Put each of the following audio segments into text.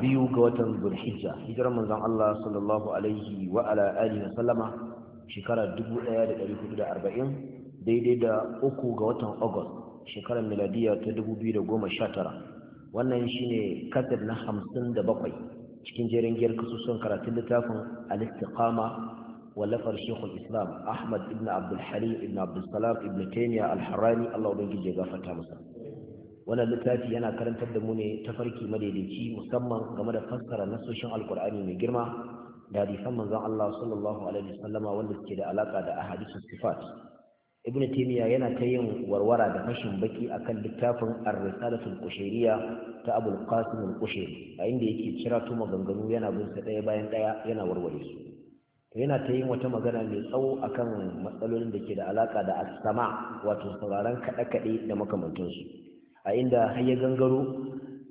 biyu ga watan zulhijja hijirar manzon Allah sallallahu alaihi wa ala alihi wa sallama shekara 1440 daidai da uku ga watan August shekarar miladiya ta 2019 wannan shine kasar na hamsin da bakwai cikin jerin giyar kasusun karatun littafin al-istiqama wallafar Sheikhul Islam Ahmad ibn Abdul Halim ibn Abdul Salam ibn Taymiyyah al-Harrani Allah ubangiji ya gafarta masa wannan littafi yana karantar da mu ne tafarki madaidaici musamman game da fassara nasoshin alkur'ani mai girma da hadisan manzon Allah sallallahu alaihi wasallama wanda suke da alaka da ahadisus sifat ibn taymiya yana ta yin warwara da fashin baki akan littafin ar-risalatul qushayriyya ta abul qasim al-qushayri a inda yake kira to maganganu yana bin sa daya bayan daya yana warware su yana ta yin wata magana mai tsawo akan matsalolin da ke da alaka da as-sama wato sauraron kaɗe-kaɗe da makamantansu a inda har ya gangaro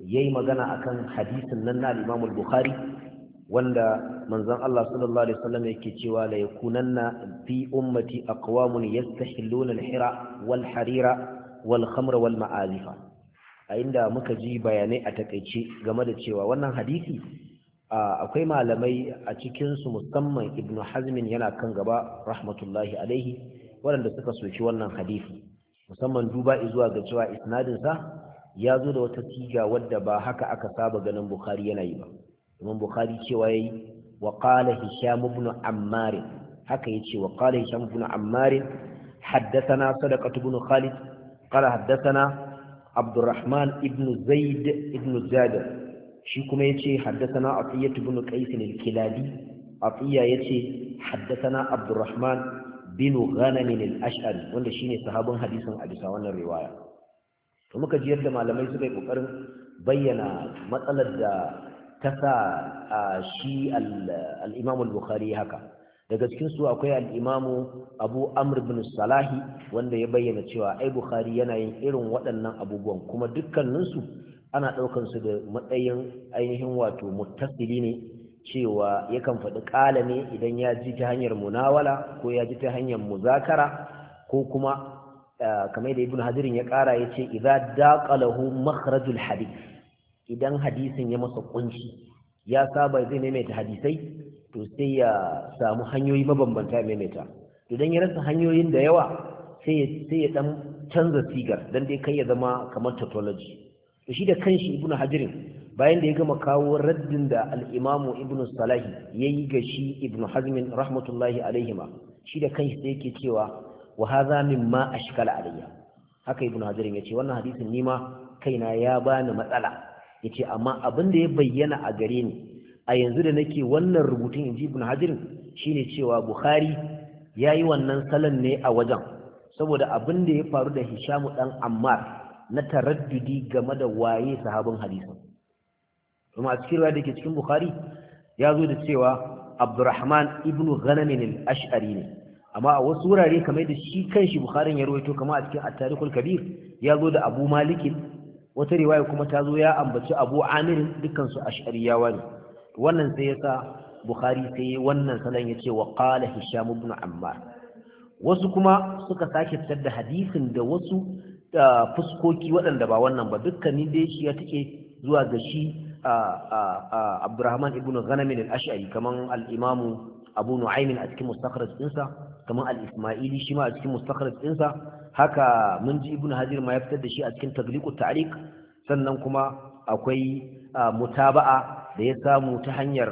yayi magana akan hadisin nan na Limamul Bukhari wanda manzon Allah sallallahu alaihi wasallam yake cewa la na fi ummati aqwamun yastahilluna al-hira wal harira wal khamra wal ma'azifa a inda muka ji bayanai a takaice game da cewa wannan hadisi akwai malamai a cikinsu musamman Ibn hazmin yana kan gaba rahmatullahi alaihi waɗanda suka soki wannan hadisi musamman duba zuwa ga cewa isnadinsa ya zo da wata tiga wadda ba haka aka saba ganin bukhari yana yi ba domin bukhari cewa yayi wa qala hisham ibn Ammarin, haka yace wa qala hisham ibn Ammarin haddasana sadaqah ibn khalid qala haddasana abdurrahman ibn zaid ibn zaid shi kuma yace haddasana atiyah ibn qais al-kilali atiya yace haddasana abdurrahman binu ghanamin al-ash'ari wanda shine sahabin hadisin a bisa wannan riwaya to muka ji yadda malamai suka yi kokarin bayyana matsalar da ta sa shi al-imam al-bukhari haka daga cikin su akwai al-imam abu amr bin salahi wanda ya bayyana cewa ai bukhari yana yin irin waɗannan abubuwan kuma dukkaninsu ana ɗaukan su da matsayin ainihin wato muttasili ne cewa yakan faɗi ƙala ne idan ya ji ta hanyar munawala ko ya ji ta hanyar muzakara ko kuma eh, kamar da ibn hadirin ya ƙara ya ce idan daƙalahu makharajul hadis idan hadisin ya masa kunci ya saba zai maimaita hadisai to sai ya samu hanyoyi mabambanta maimaita idan ya rasa hanyoyin da yawa sai ya dan canza sigar don dai kai ya zama kamar tautology to shi da kanshi ibn hadirin bayan da ya gama kawo raddin da al'imamu ibn salahi ya yi ga shi ibn hazmin rahmatullahi alaihima shi da kanshi da yake cewa wa haza min ma a shikala alayya haka ibn hazirin ya ce wannan hadisin nima kaina ya bani matsala ya ce amma abin da ya bayyana a gare ni a yanzu da nake wannan rubutun in ji ibn shi ne cewa bukhari ya yi wannan salon ne a wajen saboda abin da ya faru da hishamu dan ammar na taraddudi game da waye sahabin hadisin kuma a cikin da ke cikin bukhari ya zo da cewa abdurrahman ibnu ghanamin al-ash'ari ne amma a wasu wurare kamar da shi kanshi bukharin ya rawaito kamar a cikin at-tarikhul kabir ya zo da abu malik wata riwaya kuma ta zo ya ambaci abu amir dukkan su ash'ariyawa ne wannan sai yasa bukhari sai wannan salan ya wa qala hisham ibn ammar wasu kuma suka sake fitar da hadisin da wasu ah, fuskoki waɗanda ba wannan ba dukkanin da shi ya take zuwa ga shi abdurrahman ibn ghanamin al-ash'ari kaman al-imamu abu nu'aymin a cikin mustakhraj ɗinsa kaman al-isma'ili shi ma a cikin mustakhraj ɗinsa haka mun ji ibn hajar ma ya fitar da shi a cikin tagliqut ta'liq sannan kuma akwai mutaba'a da ya samu ta hanyar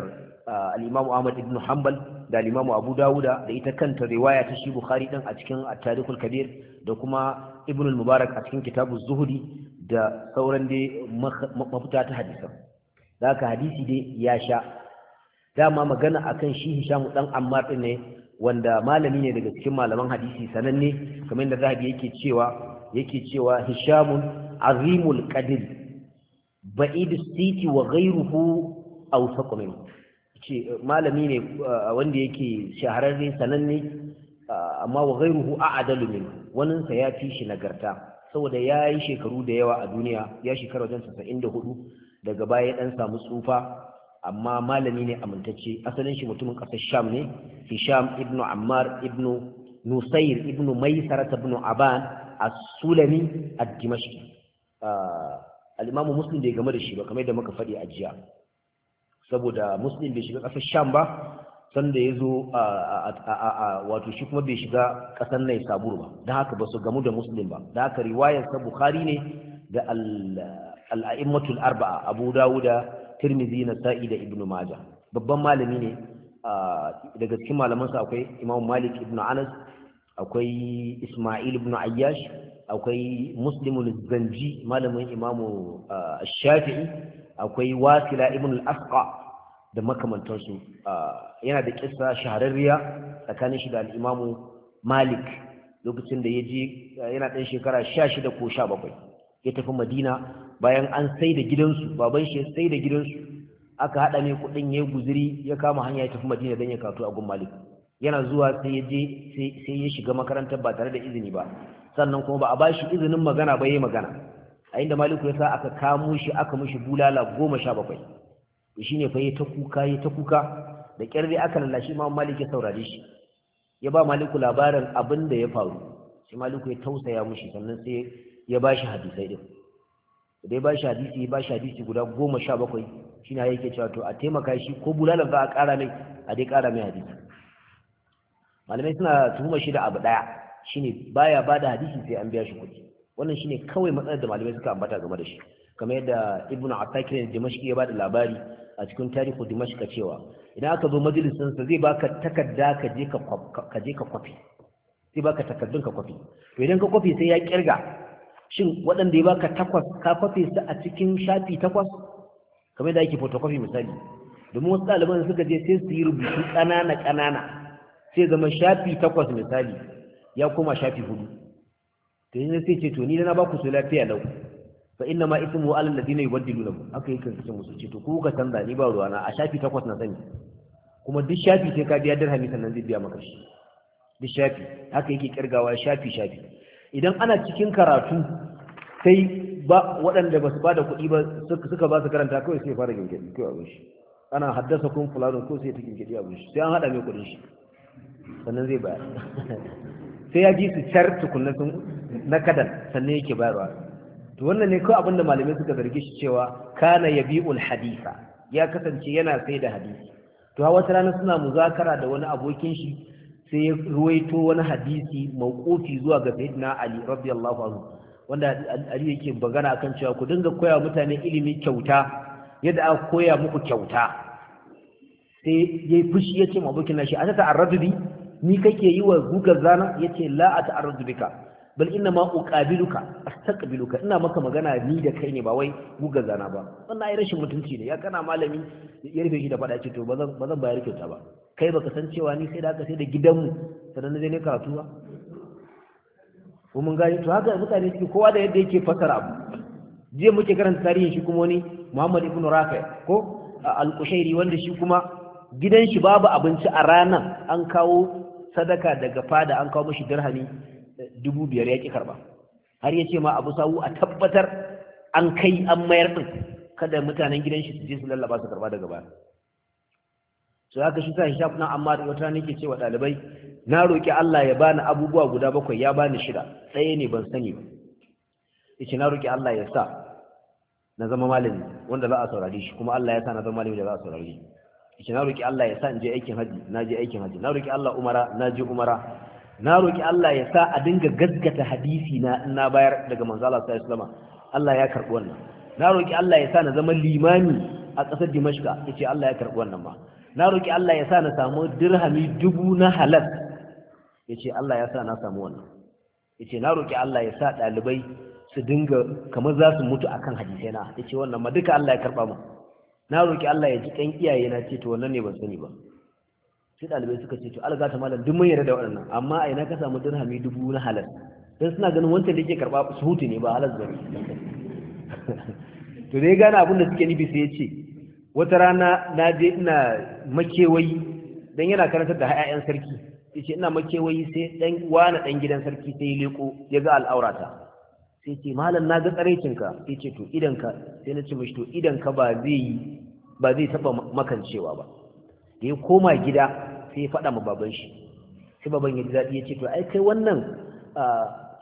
al-imamu ahmad ibn hanbal da limamu abu dawuda da ita kanta riwaya ta shi bukhari din a cikin at kabir da kuma ibn al-mubarak a cikin kitabuz zuhdi da sauran dai ta hadisan da hadisi dai ya sha dama magana akan shi Hisham dan Ammar din ne wanda malami ne daga cikin malaman hadisi sananne kamar yadda Zahabi yake cewa yake cewa Hisham azimul qadir ba'id siti wa ghayruhu aw minhu ce malami ne uh, wanda yake shahararre sananne uh, amma wa ghayruhu a'dalu min wannan sa ya fi shi nagarta saboda ya yi shekaru da yawa a duniya ya shekaru wajen 94 daga baya ya dan samu tsufa amma malami ne amintacce asalin shi mutumin ƙasar sham ne hisham ibnu ammar ibnu nusayr ibnu maisara ibnu aban as-sulami ad-dimashqi ah, al-imamu muslim bai game da shi ba kamar yadda muka faɗi a jiya saboda muslim bai shiga ƙasar sham ba sanda ya zo wato shi kuma bai shiga ƙasar nai sabur ba don haka ba su gamu da muslim ba don haka riwayarsa bukhari ne da Allah. al'a'immatul arba'a abu dawuda tirmizi nasa'i da ibnu majah babban malami ne daga cikin malamansa akwai imam malik ibnu anas akwai isma'il Ibn ayyash akwai muslimul zanji malamin imamu shafi'i akwai wasila ibn al da makamantansu yana da kissa shahararriya tsakanin shi da alimamu malik lokacin da ya je yana ɗan shekara 16 ko 17 ya tafi madina bayan an sai da gidansu baban shi ya sai da gidansu aka haɗa mai kuɗin ya guziri ya kama hanya ya tafi madina don ya kato a gun malik yana zuwa sai ya je sai ya shiga makarantar ba tare da izini ba sannan kuma ba a ba shi izinin magana ba ya magana a inda maliku ya sa aka kamo shi aka mishi bulala goma sha bakwai shi ne fa ya ta kuka ya ta kuka da ƙyar aka lallashi ma malik ya saurare shi ya ba maliku labarin abin da ya faru sai maliku ya tausaya mushi sannan sai ya ba shi hadisai din da ya ba shi hadisi ya ba shi hadisi guda goma sha bakwai shi na yake cewa to a taimaka shi ko bulala za a ƙara mai a dai ƙara mai hadisi malamai suna tuhuma shi da abu ɗaya shine baya ba da hadisi sai an biya shi kuɗi wannan shine kawai matsalar da malamai suka ambata game da shi kamar yadda ibnu atakir da dimashqi ya ba da labari a cikin da dimashqa cewa idan aka zo majalisin sa zai baka takarda ka je ka ka je ka kwafi zai baka takardun ka kwafi to idan ka kwafi sai ya kirga shin waɗanda ya baka takwas ka kwafe su a cikin shafi takwas kamar da ake photocopy misali domin wasu ɗaliban suka je sai su yi rubutu ƙanana ƙanana sai zama shafi takwas misali ya koma shafi hudu to yanzu sai ce to ni na baku su lafiya lau fa inna ma ismu alal ladina yubaddiluna aka yi kansu musu ce to ko ka canza ni ba ruwana a shafi takwas na sani kuma duk shafi sai ka biya dirhami sannan zai biya maka shi duk shafi haka yake kirgawa shafi shafi idan ana cikin karatu sai ba waɗanda ba su ba da kuɗi ba suka ba su karanta kawai sai fara gingiri kawai abin shi ana haddasa kun fulano ko sai ta gingiri abin shi sai an haɗa mai kuɗin shi sannan zai bayar sai ya ji su car tukunna sun na kadan sannan yake bayarwa to wannan ne kawai abinda malamai suka zargi shi cewa kana yabi'ul hadisa ya kasance yana sai da hadisi to a wata rana suna muzakara da wani abokin shi sai ya ruwaito wani hadisi mawqufi zuwa ga sayyidina ali radiyallahu anhu wanda ali yake bagana akan cewa ku dinga koya mutane ilimi kyauta yadda aka koya muku kyauta sai yayi fushi yace mabukin nashi a ta ta'arradu ni kake yi wa gugar zana yace la a bika bal inna ma uqabiluka astaqbiluka ina maka magana ni da kai ne ba wai guga zana ba wannan ai rashin mutunci ne ya kana malami ya rufe shi da fada ce to bazan bazan bayar kyauta ba kai baka san cewa ni sai da aka sai da gidanmu sanan na ne karatu ba ko mun to haka mutane suke kowa da yadda yake fasara abu jiya muke karanta tarihin shi kuma wani Muhammad ibn Rafi ko al-Qushairi wanda shi kuma gidan shi babu abinci a ranar an kawo sadaka daga fada an kawo mishi dirhami dubu biyar ya ƙi karɓa har ya ce ma abu sawu a tabbatar an kai an mayar ɗin kada mutanen gidan shi su je su lallaba su karɓa daga baya su haka shi sa hisham na amma wata nake yake cewa ɗalibai na roƙi Allah ya bani abubuwa guda bakwai ya bani shida tsaye ne ban sani ba yace na roƙi Allah ya sa na zama malami wanda za a saurare shi kuma Allah ya sa na zama malami da za a saurare shi yace na roƙi Allah ya sa in je aikin haji na je aikin haji na roƙi Allah umara na je umara na roƙi Allah ya sa a dinga gaskata hadisi na na bayar daga manzo Allah sallallahu alaihi wasallam Allah ya karbi wannan na roƙi Allah ya sa na zama limami a ƙasar Dimashka yace Allah ya karbi wannan ma. na roƙi Allah ya sa na samu dirhami dubu na halal yace Allah ya sa na samu wannan yace na roƙi Allah ya sa ɗalibai su dinga kamar za su mutu akan hadisi na yace wannan ma duka Allah ya karba mu na roƙi Allah ya ji kan iyaye na ce to wannan ne ban sani ba sai ɗalibai suka ce to alga ta malam duk mun yarda da waɗannan amma a ina ka samu dirhami dubu na halal dan suna ganin wancan da yake karba suhuti ne ba halal ba to dai gane abin da suke nufi sai ya ce wata rana na je ina makewayi dan yana karantar da ƴaƴan sarki yace ina makewayi sai dan wani dan gidan sarki sai ya leko ya ga al'aurata sai ce malam na ga tsaraicinka ya ce to ka sai na ce mashi to ka ba zai ba zai taba makancewa ba da ya koma gida sai ya faɗa ma baban shi sai baban ya ji daɗi ya ce to ai kai wannan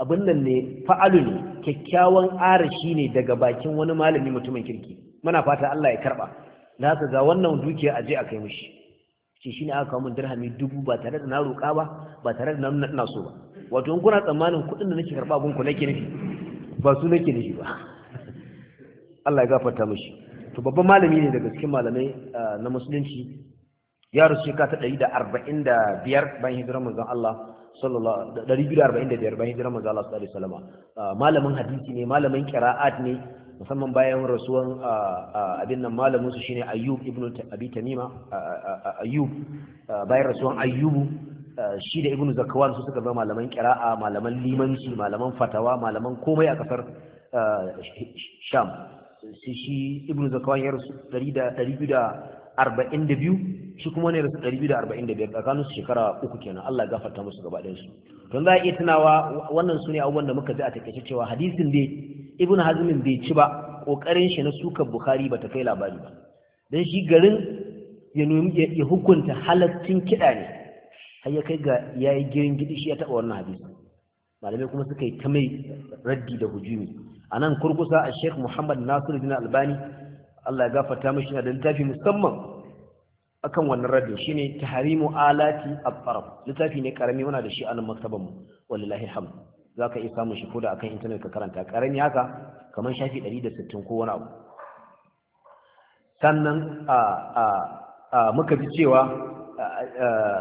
abin nan ne fa'alu ne kyakkyawan arashi ne daga bakin wani malami mutumin kirki muna fata Allah ya karɓa na ka ga wannan dukiya a je a kai mishi ce shine aka kawo min dirhami dubu ba tare da na roƙa ba ba tare da na ina so ba wato in kuna tsammanin kuɗin da nake karɓa gunku nake nufi ba su nake nufi ba Allah ya gafarta mishi to babban malami ne daga cikin malamai na musulunci ya shi shekara ta ɗari da arba'in da biyar bayan hijirar manzon Allah sallallahu ɗari biyu da arba'in da biyar bayan hijirar manzon Allah sallallahu alaihi wasallam ah, malamin hadisi ne malamin qira'at ne musamman bayan rasuwan ah, ah, abin nan malamin su shine Ayyub Ibnu Abi Tamima Ayyub bayan rasuwan Ayyubu shi da Ibnu Zakwan su suka zama malaman qira'a malaman limanci malaman fatawa malaman komai a kasar Sham shi Ibn Zakwan ya rasu 200 arba'in da biyu shi kuma ne rasu ɗari biyu da arba'in da biyar tsakanin su shekara uku kenan Allah ya gafarta musu gaba ɗaya su don za a iya tunawa wannan su ne abubuwan da muka ji a takaice cewa hadisin dai ibn hazmin bai ci ba ƙoƙarin shi na sukar bukhari ba ta kai labari ba don shi garin ya hukunta halaccin kiɗa ne har ya kai ga ya yi girin gidi shi ya taɓa wannan hadisi malamai kuma suka yi ta mai raddi da hujumi a nan kurkusa a sheikh muhammad nasiru albani Allah ya gafarta mishi da littafi musamman akan wannan radin ta tahrimu alati at littafi ne karami muna da shi a nan maktaban mu wallahi za ka iya samun shi koda akan intanet ka karanta karami haka kamar shafi 160 ko wani abu sannan a a a muka ji cewa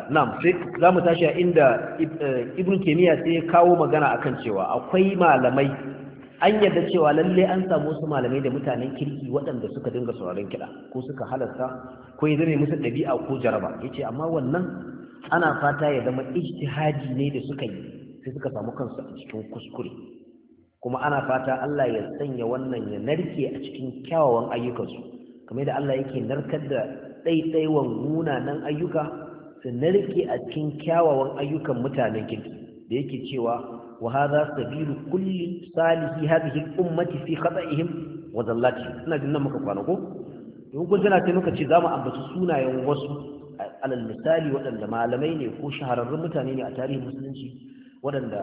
nam sai mu tashi inda eh, ibn kimiyya sai ya kawo magana akan cewa akwai malamai an yadda cewa lalle an samu wasu malamai da mutanen kirki waɗanda suka dinga sauraron kiɗa ko suka halarta ko ya zama musu ɗabi'a ko jaraba ya ce amma wannan ana fata ya zama ijtihadi ne da suka yi sai suka samu kansu a cikin kuskure kuma ana fata Allah ya sanya wannan ya narke a cikin kyawawan ayyukansu kamar da Allah yake narkar da ɗaiɗaiwan munanan ayyuka su narke a cikin kyawawan ayyukan mutanen kirki da yake cewa وهذا سبيل كل صالح هذه الأمة في خطئهم وذلاتهم ina jin nan muka kwana ko in taimaka ce za mu ambaci sunayen wasu alal misali waɗanda malamai ne ko shahararrun mutane ne a tarihin musulunci waɗanda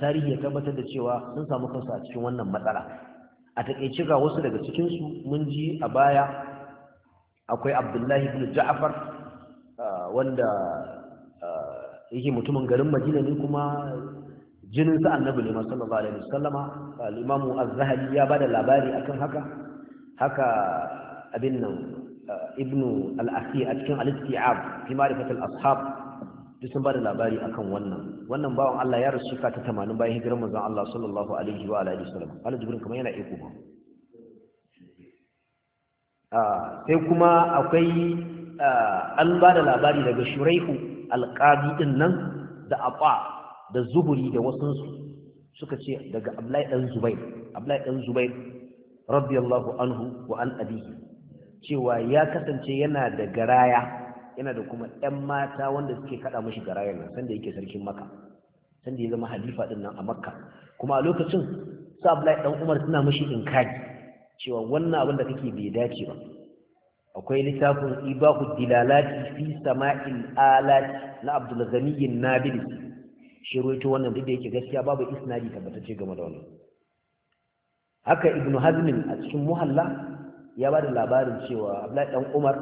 tarihi ya tabbatar da cewa sun samu kansu a cikin wannan matsala a taƙaice ga wasu daga cikinsu mun ji a baya akwai abdullahi ibn ja'far wanda yake mutumin garin madina ne kuma jinin sa annabi ne sallallahu alaihi wasallama al-imamu az-zahabi ya bada labari akan haka haka abin nan eh, ibnu al-asi a cikin al-istiab fi ma'rifat al-ashab duk sun bada labari akan wannan wannan bawan Allah ya rasu ka ta 80 bayan hijirar manzon Allah sallallahu alaihi wa alihi wasallam Allah jibrin kamar yana iko ba ah, sai kuma akwai eh, an bada labari daga shuraihu al-qadi din nan da aqa da zuhuri da wasansu suka ce daga Abdullahi dan Zubair Abdullahi dan Zubair radiyallahu anhu wa an abihi cewa ya kasance yana da garaya yana da kuma ɗan mata wanda suke kaɗa mashi garayan nan sanda yake sarkin Makka sanda ya zama halifa din nan a Makka kuma a lokacin su Abdullahi dan Umar suna mishi inkari cewa wannan abin da kake bai dace ba akwai littafin ibahu dilalati fi sama'il alati na Abdul Ghani Nabilisi shi ruwaito wannan duk da yake gaskiya babu isnadi tabbatacce game da wannan haka ibnu hazmin a cikin muhalla ya ba da labarin cewa abdullahi dan umar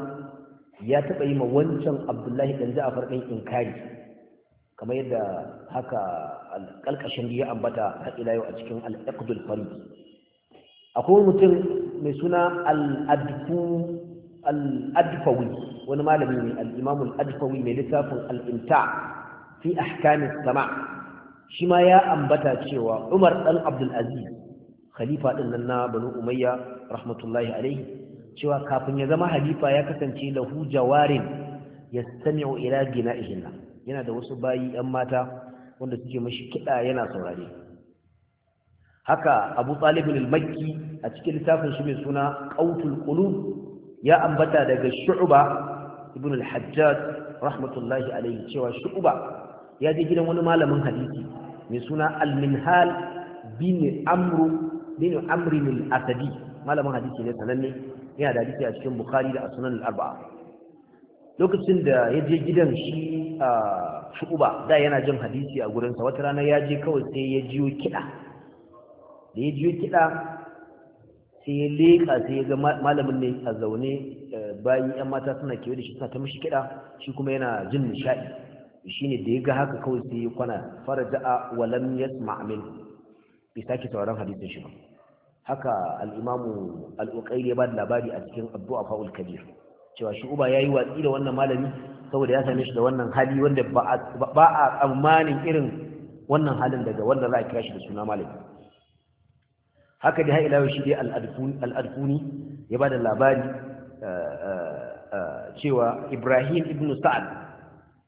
ya taɓa yi ma wancan abdullahi dan ja'far ɗin inkari kamar yadda haka alƙalƙashin ya ambata har ila yau a cikin al farid akwai mutum mai suna al-adfawi wani malami ne al adfawi mai littafin al fi ahkamis sama shi ma ya ambata cewa Umar dan Abdulaziz khalifa din nan na Banu Umayya rahmatullahi alaihi cewa kafin ya zama halifa ya kasance lahu jawarin yastami'u ila gina'ihin yana da wasu bayi yan mata wanda suke mashi kiɗa yana saurare haka abu talibin al-makki a cikin littafin shi mai suna ƙautul ya ambata daga shu'uba ibn al-hajjaj rahmatullahi alaihi cewa shu'uba ya je gidan wani malamin hadisi mai suna al-minhal bin amru bin amrin al-asadi malamin hadisi ne sananne yana da hadisi a cikin bukhari da asunan al-arba'a lokacin da ya je gidan shi a shuba da yana jin hadisi a gurinsa wata rana ya je kawai sai ya jiyo kiɗa da ya jiyo kiɗa sai ya leƙa sai ya ga malamin ne a zaune eh, bayan 'yan mata suna kewa da shi suna ta mishi kiɗa shi kuma yana jin nishaɗi shine da ya ga haka kawai sai ya kwana farja'a wa lam yasma' min bi sake hadisin shi ba haka al'imamu al ya ba da labari a cikin a faul kabir cewa shi uba yi watsi da wannan malami saboda ya same shi da wannan hali wanda ba a tsammanin irin wannan halin daga wanda za a kira shi da suna malami haka dai ha shi dai al ya ba da labari eh, eh, eh, cewa Ibrahim ibn Sa'ad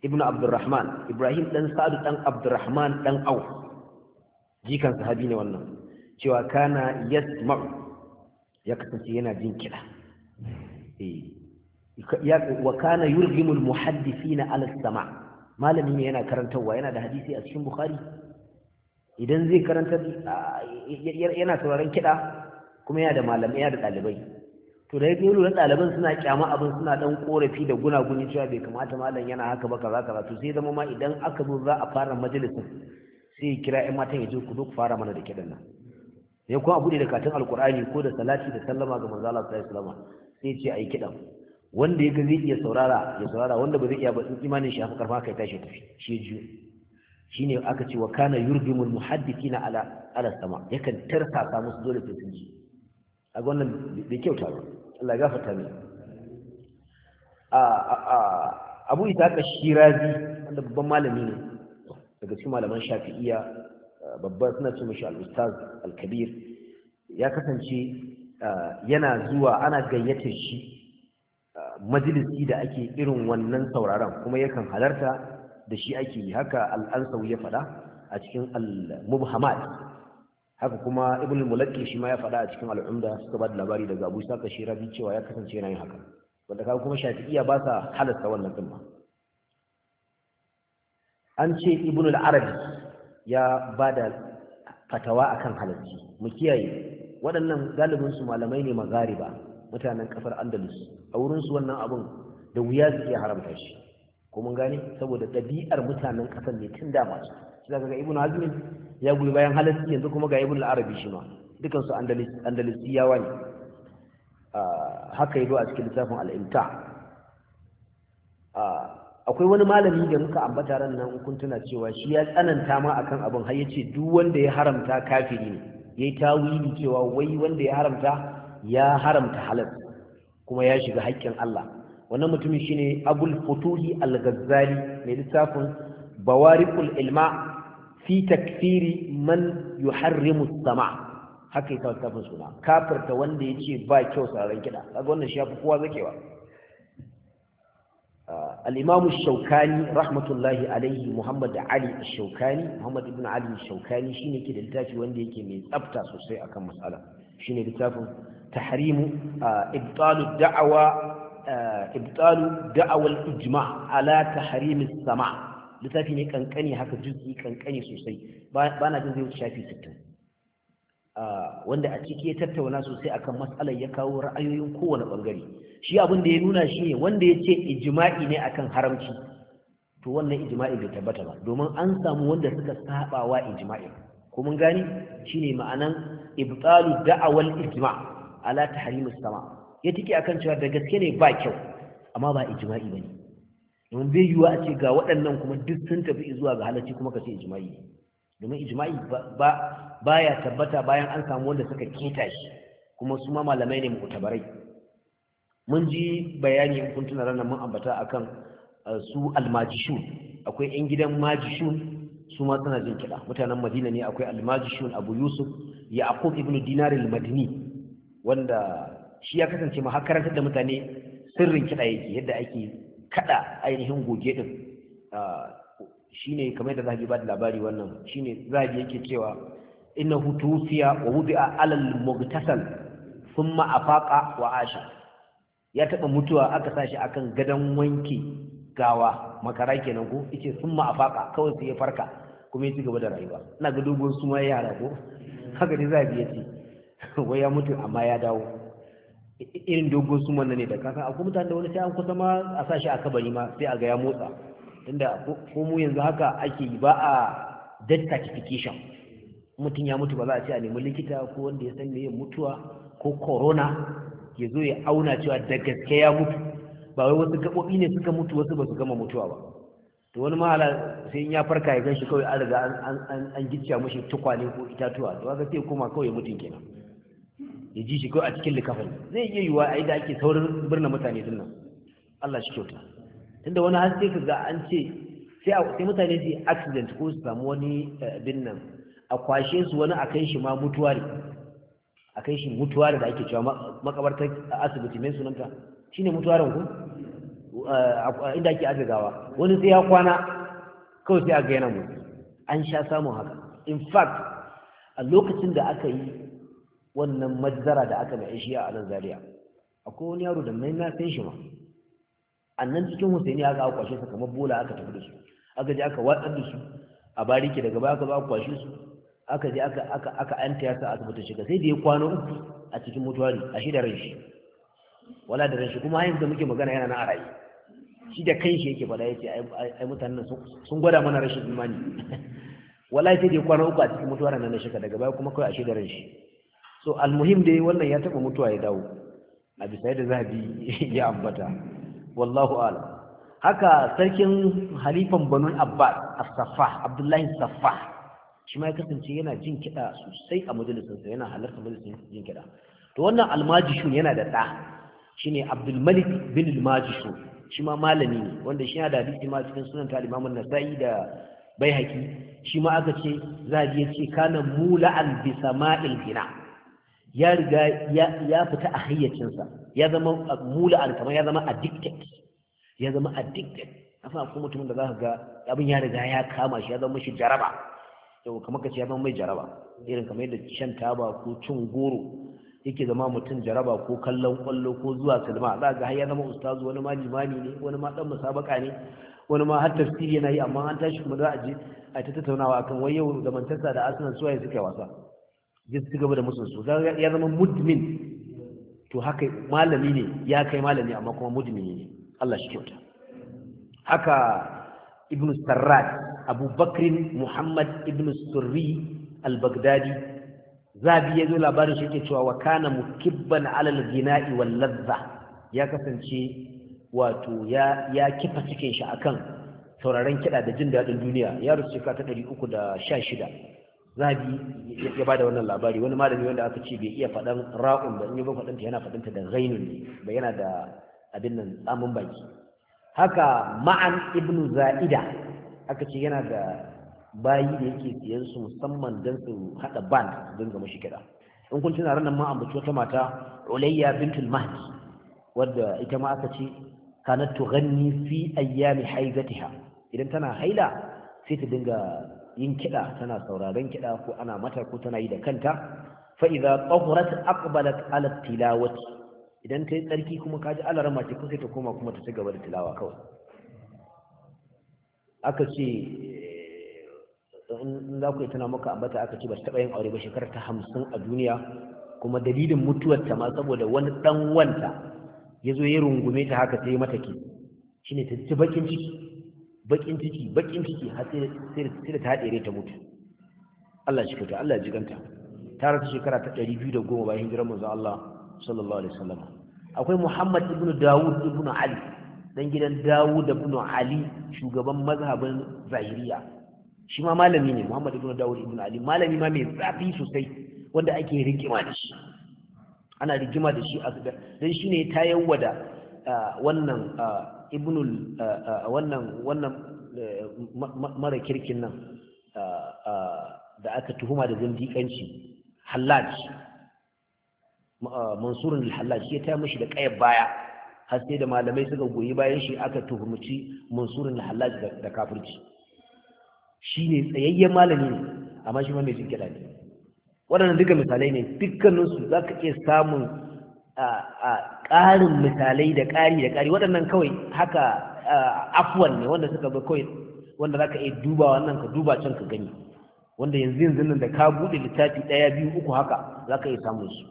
ibnu abdurrahman ibrahim dan sadu, dan abdurrahman dan au jikan sahabi ne wannan cewa kana yasma'u ya kasance yana jin kiɗa eh, wa kana yurghimul muhaddisina ala sama malami ne yana karantarwa yana da hadisi a cikin bukhari idan zai karanta yana sauraron kiɗa kuma yana da malamai yana da ɗalibai to da yake yulu ɗaliban suna kyama abin suna ɗan korafi da gunaguni cewa bai kamata malam yana haka ba kaza kaza to sai zama ma idan aka zo za a fara majalisin sai kira ƴan matan ya je ku duk fara mana da kiɗan nan ya kuma abu ne da katin Alƙur'ani ko da salati da sallama ga manzo Allah sallallahu alaihi wasallam sai ce ayi kiɗan wanda ya ga zai iya saurara ya saurara wanda ba zai iya ba imanin shi haka karfa kai tashi tafi shi ji shine aka ce wa kana yurdimul muhaddithina ala ala sama yakan tarsa musu dole sai sun ji a wannan bai kyauta ba Allah gafarta mai abu ita ka shirazi wanda babban malami ne daga cikin malaman shafi'iya babban suna ce mashi al-ustaz al-kabir ya kasance yana zuwa ana gayyatar shi majalisi da ake irin wannan sauraron kuma yakan halarta da shi ake yi haka al'ansawu ya faɗa a cikin al haka kuma ibn mulaki shi ma ya faɗa a cikin al'umda suka ba da labari daga abu saka shi rabi cewa ya kasance yana yin haka wanda kaga kuma shafi'iyya ba sa halasta wannan din an ce ibn al-arabi ya ba da fatawa akan halarci mu kiyaye waɗannan galibin su malamai ne magariba mutanen kafar andalus a wurin su wannan abun da wuya su iya haramta shi ko mun gane saboda ɗabi'ar mutanen ƙasar ne tun da masu zaka ga ibnu hazmi ya goyi bayan halarci yanzu kuma ga ibnu al-arabi shi ma dukan su andalusiyawa ne ah, haka yi a cikin littafin al'imta. Ah, akwai wani malami da muka ambata ran nan kun tuna cewa shi ya tsananta ma akan abin har yace duk wanda ya haramta kafiri ne yayi tawili cewa wai wanda ya haramta ya haramta halal kuma ya shiga haƙƙin Allah wannan mutumin shine Abul Futuhi al mai littafin Bawariqul Ilma fi takfiri man yuharrimu sama haka ita ta suna kafirta wanda ya ce ba kyau sararin kiɗa kaga wannan shafi kowa zake ah, al-imamu shaukani rahmatullahi alaihi muhammad ali shaukani muhammad ibn ali shaukani shine ke da littafi wanda yake mai tsafta sosai akan matsala shine littafin tahrimu ah, ibtalu da'awa ah, ibtalu ala tahrimis sama' littafi ne kankani haka juz'i kankani sosai ba na jin zai wuce shafi sittin ah, wanda a ciki ya tattauna sosai akan matsalar ya kawo ra'ayoyin kowane bangare shi abin da ya nuna shi ne wanda ya ce ijma'i ne akan haramci to wannan ijma'i bai tabbata ba domin an samu wanda suka saba wa ijma'i ko mun gani shine ma'anan ibtalu da'awal ijma' ala tahrimus sama ya tike akan cewa da gaske ne ba kyau amma ba ijma'i bane domin zai yiwuwa a ce ga waɗannan kuma duk sun tafi zuwa ga halarci kuma ka ce ijma'i domin ijma'i ba ya tabbata bayan an samu wanda suka keta shi kuma su ma malamai ne mu'tabarai mun ji bayani in kun tuna ranar mun ambata akan su almajishun akwai yan gidan majishun su ma suna jin kiɗa mutanen madina ne akwai almajishun abu yusuf yaqub ibn dinar al-madini wanda shi ya kasance ma har karantar da mutane sirrin kiɗa yake yadda ake kada ainihin goge din shine kamar da ji ba da labari wannan shine ji yake cewa inna tufiya wa a alal mughtasal sun ma'afaka wa asha ya taba mutuwa aka sashi akan gadon wanki gawa makara kenan ko ike sun ma'afaka kawai su ya farka kuma ya ci gaba da rayuwa ina ga dogon suma yara ko haka ne biya ci. wai ya mutu amma ya dawo irin dogon suma na ne da kasan akwai mutane da wani sai an kusa ma a sashi a kabari ma sai a ga ya motsa inda ko mu yanzu haka ake yi ba a death certification mutum ya mutu ba za a ce a nemi likita ko wanda ya san me mutuwa ko corona ya zo ya auna cewa da gaske ya mutu ba wai wasu gaɓoɓi ne suka mutu wasu ba su gama mutuwa ba to wani mahala sai in ya farka ya shi kawai an riga an gicciya mashi tukwane ko itatuwa to haka sai koma kawai mutum kenan ya ji shi ko a cikin likafin zai iya yiwa a da ake saurin birna mutane din nan Allah shi kyauta tunda wani haske su ga an ce sai a kusa mutane su accident ko su samu wani bin eh, nan a kwashe su wani a kai shi ma mutuwa ne a kai shi mutuwa da ake cewa makabartar asibiti mai sunanta Shi ne mutuwa ranku eh, inda ake azigawa wani sai ya kwana kawai sai a ga yana mutu an sha samun haka in fact a lokacin da aka yi wannan majzara da aka mai shi a nan zariya akwai wani yaro da mai na san shi ma annan cikin husaini aka aka kwashe su kamar bola aka tafi da su aka je aka watsar da su a bariki daga baya aka ba kwashe su aka je aka aka aka antaya su a asibitin shiga sai da ya kwano uku a cikin mutuwari a shi da ran shi wala da ran shi kuma yanzu da muke magana yana na a raye shi da shi yake faɗa yace ai mutanen nan sun gwada mana rashin imani wallahi sai da ya kwana uku a cikin mutuwar nan na shiga daga baya kuma kai a shi da ran shi so almuhim dai wannan ya taba mutuwa ya dawo a bisa yadda zahabi ya ambata wallahu ala, haka sarkin halifan banu abbas as-saffah abdullahi saffah shi ma ya kasance yana jin kiɗa sosai a majalisinsa yana halarta majalisin jin kiɗa to wannan almajishu yana da ɗa shine abdulmalik bin almajishu shi ma malami ne wanda shi yana da hadisi ma cikin sunan ta imamun nasa'i da baihaqi shi ma aka ce zabi ya ce kana mula'an bi sama'il gina ya riga ya fita a hayyacinsa ya zama mula alkama ya zama addicted ya zama addicted afa kuma mutumin da za ka ga abin ya riga ya kama shi ya zama shi jaraba to kamar kace ya zama mai jaraba irin kamar yadda shan taba ko cin goro yake zama mutum jaraba ko kallon kwallo ko zuwa silma za ga har ya zama ustazu wani ma limani ne wani ma dan musabaka ne wani ma har tafsiri yana yi amma an tashi kuma za a je a ta tattaunawa akan wai yau zamantarsa da arsenal suwaye suka wasa ya ci gaba da musu su ya zama mudmin to haka malami ne ya kai malami amma kuma mudmin ne Allah shi kyauta haka ibn sarrat abu bakrin muhammad ibn surri al-baghdadi zabi ya zo labarin shi ke cewa wa kana mukibban alal gina'i wal ladha ya kasance wato ya ya kifa cikin shi akan sauraron kiɗa da jin daɗin duniya ya rusu shekara ta 316 zabi ya bada wannan labari wani malami wanda aka ce bai iya faɗan ra'un da in yi ba ta yana faɗanta da ghainun ne ba yana da abin nan tsamin baki haka ma'an Ibn za'ida aka ce yana da bayi da yake siyan su musamman don su haɗa ban don gama shi kiɗa in kun tuna ranar ma ambaci wata mata ulayya bintul mahdi wadda ita ma aka ce kanat tughanni fi ayyami haidatiha idan tana haila sai ta dinga yin kiɗa tana sauraron kiɗa ko ana mata ko tana yi da kanta fa idza tahurat aqbalat ala tilawati idan yi tsarki kuma ji alaran mace ko sai ta koma kuma ta ci gaba da tilawa kawai aka ce in za ku yi tana maka ambata aka ce ba ta taɓa yin aure ba shekarar ta hamsin a duniya kuma dalilin mutuwar ta ma saboda wani ɗan wanta ya zo ya rungume ta haka sai mata ki shine ta ci bakin ciki bakin ciki bakin ciki har sai da ta haɗe ta mutu Allah shi kyauta Allah ya jiganta ta rasu shekara ta 210 bayan hijirar manzo Allah sallallahu alaihi wasallam akwai Muhammad ibn Dawud ibn Ali dan gidan Dawud ibn Ali shugaban mazhabin Zahiriya shi ma malami ne Muhammad ibn Dawud ibn Ali malami ma mai zafi sosai wanda ake rigima da shi ana rigima da shi a dan shine ta yawwada ah, wannan ah, ibnul wannan wannan e, mara kirkin nan da aka tuhuma da zindiƙanci hallaj mansurun al-hallaj ya taya mashi da ƙayar baya har sai da malamai suka goyi bayan shi aka tuhumci mansurun al-hallaj da kafirci shi ne tsayayyen malami ne amma shi ma mai jinkira ne waɗannan duka misalai ne dukkaninsu za ka iya samun a ƙarin misalai da ƙari da ƙari waɗannan kawai haka afuwan ne wanda suka bi kawai wanda za ka iya duba wannan ka duba can ka gani wanda yanzu yanzu nan da ka buɗe littafi ɗaya biyu uku haka za ka iya samun su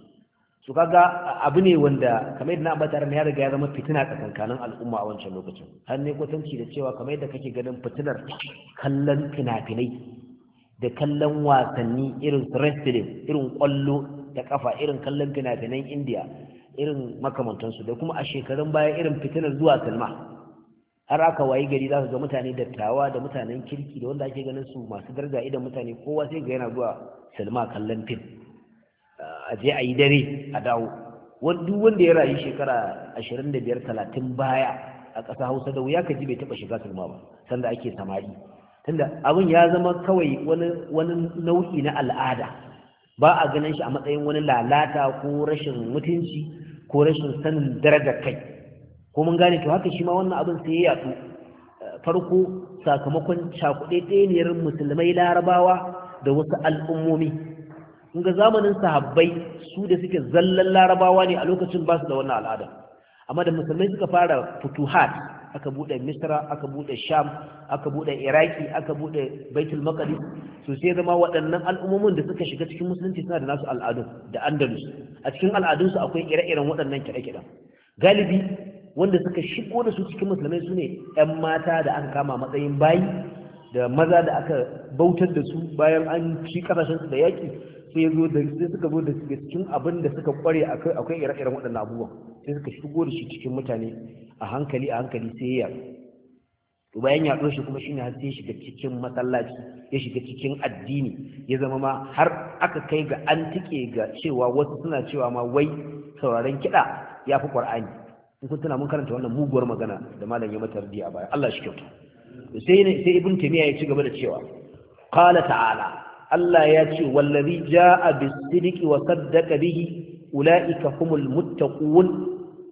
su kaga abu ne wanda kamar yadda na ambata ran ya riga ya zama fitina tsakankanin al'umma a wancan lokacin har ne kwatanci da cewa kamar yadda kake ganin fitinar kallon fina-finai da kallon wasanni irin wrestling irin kwallo da kafa irin kallon fina-finan indiya irin makamantansu da kuma a shekarun baya irin fitinar zuwa salma har aka wayi gari za su ga mutane dattawa da mutanen kirki da wanda ake ganin su masu darga idan mutane kowa sai ga yana zuwa salma kallon fim a je a yi dare a dawo duk wanda ya rayu shekara ashirin da biyar talatin baya a ƙasa hausa da wuya ka ji bai taɓa shiga salma ba sanda ake samari tunda abin ya zama kawai wani nau'i na al'ada ba a ganin shi a matsayin wani lalata ko rashin mutunci ko rashin sanin darajar kai ko mun gane to haka shi ma wannan abin sai ya yatsu farko sakamakon cakuɗe ɗaniyar musulmai larabawa da wasu al'ummomi in ga zamanin sahabbai su da suke zallan larabawa ne a lokacin ba su da wannan al'ada amma da musulmai suka fara futuhat aka buɗe misra aka buɗe sham aka buɗe iraki aka buɗe baitul maqdis so sai zama waɗannan al'ummomin da suka shiga cikin musulunci suna da nasu al'adu da andalus a cikin al'adunsu akwai ire-iren waɗannan kiɗe-kiɗen galibi wanda suka shigo da su cikin musulmai su ne 'yan mata da aka kama matsayin bayi da maza da aka bautar da su bayan an ci kasashensu da yaƙi sai suka zo da cikin abin da suka kware akwai ire-iren waɗannan abubuwan sai suka shigo da shi cikin mutane a hankali a hankali sai ya to bayan ya shi kuma shine har sai shiga cikin masallaci ya shiga cikin addini ya zama ma har aka kai ga an tike ga cewa wasu suna cewa ma wai sauraron kiɗa ya fi ƙwar'ani in kun tuna mun karanta wannan muguwar magana da malam ya mata a baya Allah shi kyauta sai sai ibn taymiya ya ci gaba da cewa qala ta'ala Allah ya ce wallazi jaa bis-sidqi wa saddaqa bihi ula'ika humul muttaqun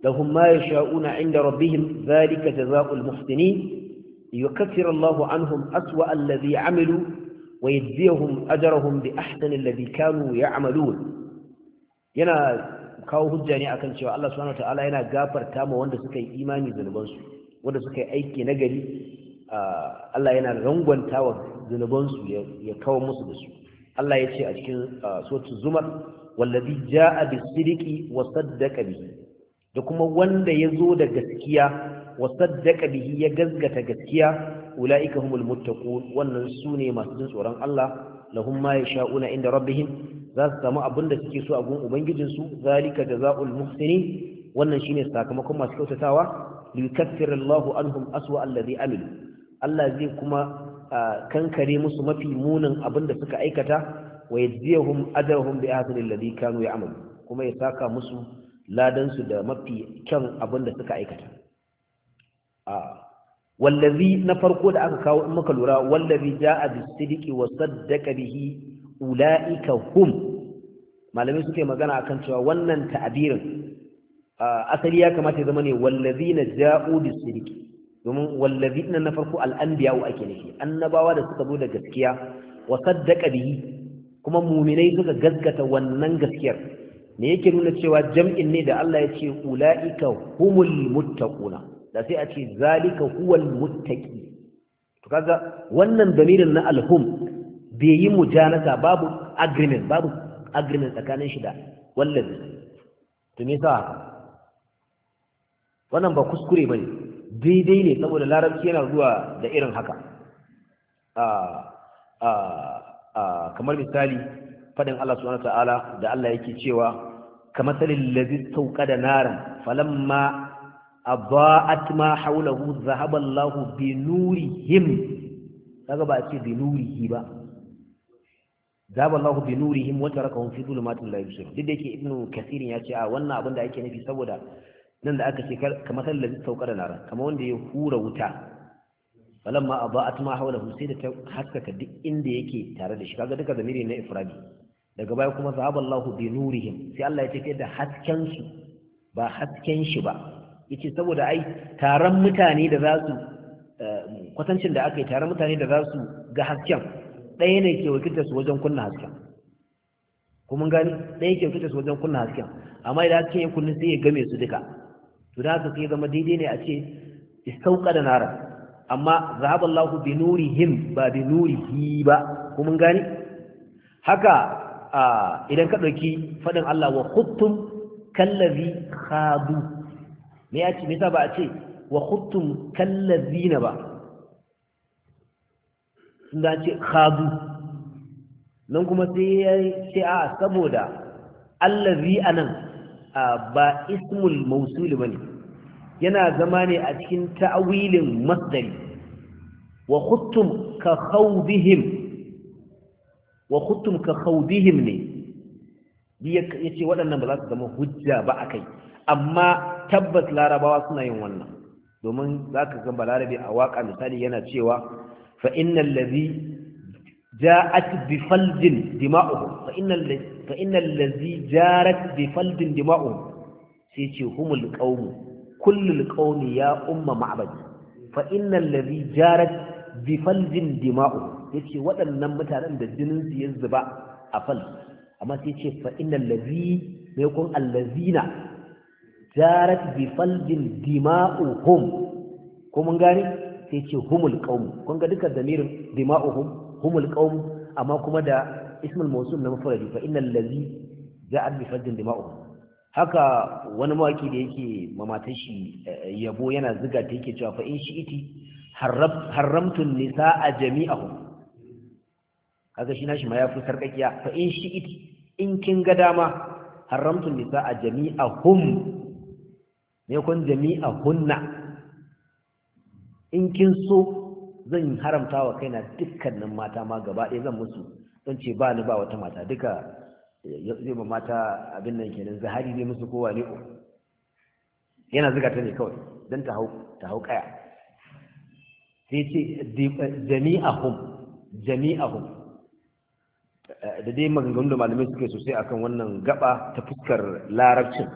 da ma sha'una 'inda rabbihim dhalika jazaa'ul muhsinin yukaffiru Allahu 'anhum aswa'a alladhi 'amilu wa yajziyahum ajrahum bi ahsani alladhi kanu ya'malun yana kawo hujja ne akan cewa Allah subhanahu wataala yana gafarta ma wanda suka yi imani zunubansu wanda suka yi aiki nagari Allah yana rangwanta wa zunubansu ya kawo musu da su Allah ya ce a cikin sotu zumar Wallabi ja bis-sidqi wa bihi da kuma wanda ya zo da gaskiya wa bihi ya gazgata gaskiya ulaika humul muttaqun wannan sune masu jin tsoron Allah lahum ma yasha'una inda rabbihim za su samu abin da suke so a gun ubangijinsu zalika jazaa'ul muhsinin wannan shine sakamakon masu kyautatawa liyukaffir Allahu anhum aswa alladhi amilu Allah zai kuma ah, kankare musu mafi munin abin da suka aikata wa yajziyahum ajrahum bi ahsani alladhi kanu ya'malu kuma ya saka musu ladan su da mafi kyan abin da suka aikata a wallazi na farko da aka kawo in muka lura wallazi ja'a bis-sidqi wa saddaqa bihi ulaika hum malamai suke magana akan cewa wannan ta'abirin asali ya kamata ya zama ne wallazina ja'u bis-sidqi domin wallazina na farko al-anbiya'u ake nufi annabawa da suka zo da gaskiya wa saddaqa bihi kuma muminai suka gaskata wannan gaskiyar me yake nuna cewa jam'in ne da Allah ya ce ula'ika humul muttaquna da sai a ce zalika huwal muttaqi to kaga wannan damirin na alhum bai yi mujanata babu agreement babu agreement tsakanin shi da wallazi to me yasa wannan ba kuskure bane daidai ne saboda larabci yana zuwa da irin haka a ah, ah, kamar misali fadin Allah subhanahu ta'ala da Allah yake cewa kamasalil ladzi tawqada naran falamma adaa'at ma hawlahu dhahaba Allahu bi nurihim kaga ba a ce bi nurihi ba zaba Allah bi nurihim wa tarakahum fi dhulumatin la yubsirun duk da yake ibnu kathir ya ce a wannan abin da ake nufi saboda nan da aka ce kamar sallin saukar nara kamar wanda ya hura wuta falamma aba'at ma hu sai da ta haskaka duk inda yake tare da shi kaga duka zamiri na ifradi daga baya kuma zahaballahu bi nurihim sai Allah ya tafi da hasken su ba hasken shi ba yace saboda ai taron mutane da za su eh, kwatancin da aka yi taron mutane da za su ga hasken ɗaya ne ke wakilta su wajen kunna hasken kuma gani ɗaya ke wakilta su wajen kunna hasken amma idan hasken ya kunni sai ya game su duka to da haka sai zama daidai ne a ce isauka da naran amma zahaballahu bi nurihim ba bi nurihi ba ko mun gani haka idan ka ɗauki faɗin Allah wa khuttum kallazi khadu me ya ce me yasa ba a ce wa khuttum kallazina ba sun da ce khadu nan kuma sai a saboda allazi anan ba ismul mausul bane yana zama ne a cikin ta'awilin masdari wa khuttum ka khawdihim wa khuttum ka khawdihim ne yace waɗannan ba za su zama hujja ba a kai. amma tabbas larabawa suna yin wannan domin zaka ga balarabe a waƙa, misali yana cewa fa innal ladhi dima'u. بفلد دماؤهم فإن فإن الذي جارت بفلد دماؤهم سيتي هم القوم kullul qaumi ya umma ma'bad fa innal ladhi jarat bi faljin dima'u yace waɗannan mutanen da jinin su ya zuba a fal amma sai yace fa innal ladhi mai kun allazina jarat bi faljin dima'uhum ko mun gane sai yace humul qaum kun ga duka damirin dima'uhum humul qaum amma kuma da ismul mawsul na mufradi fa innal ladhi jarat bi faljin dima'uhum haka wani mawaki da yake mamatan shi eh, yabo yana ziga ta yake cewa fa in shi iti haramtun nisa a jami'ahu kaga shi nashi ma ya fi sarkakiya fa in shi iti in kin ga dama haramtun nisa a jami'ahum ne kun jami'ahunna in kin so zan haramta wa kaina dukkanin mata ma gaba ɗaya zan musu zan ce ba ni ba wata mata duka zai ba mata abin nan kenan zahari ne musu kowa ne yana zuga ta ne kawai don ta hau kaya sai ce jami'ahum jami'ahum da dai maganganu da malamai suke sosai akan wannan gaba ta fuskar larabcin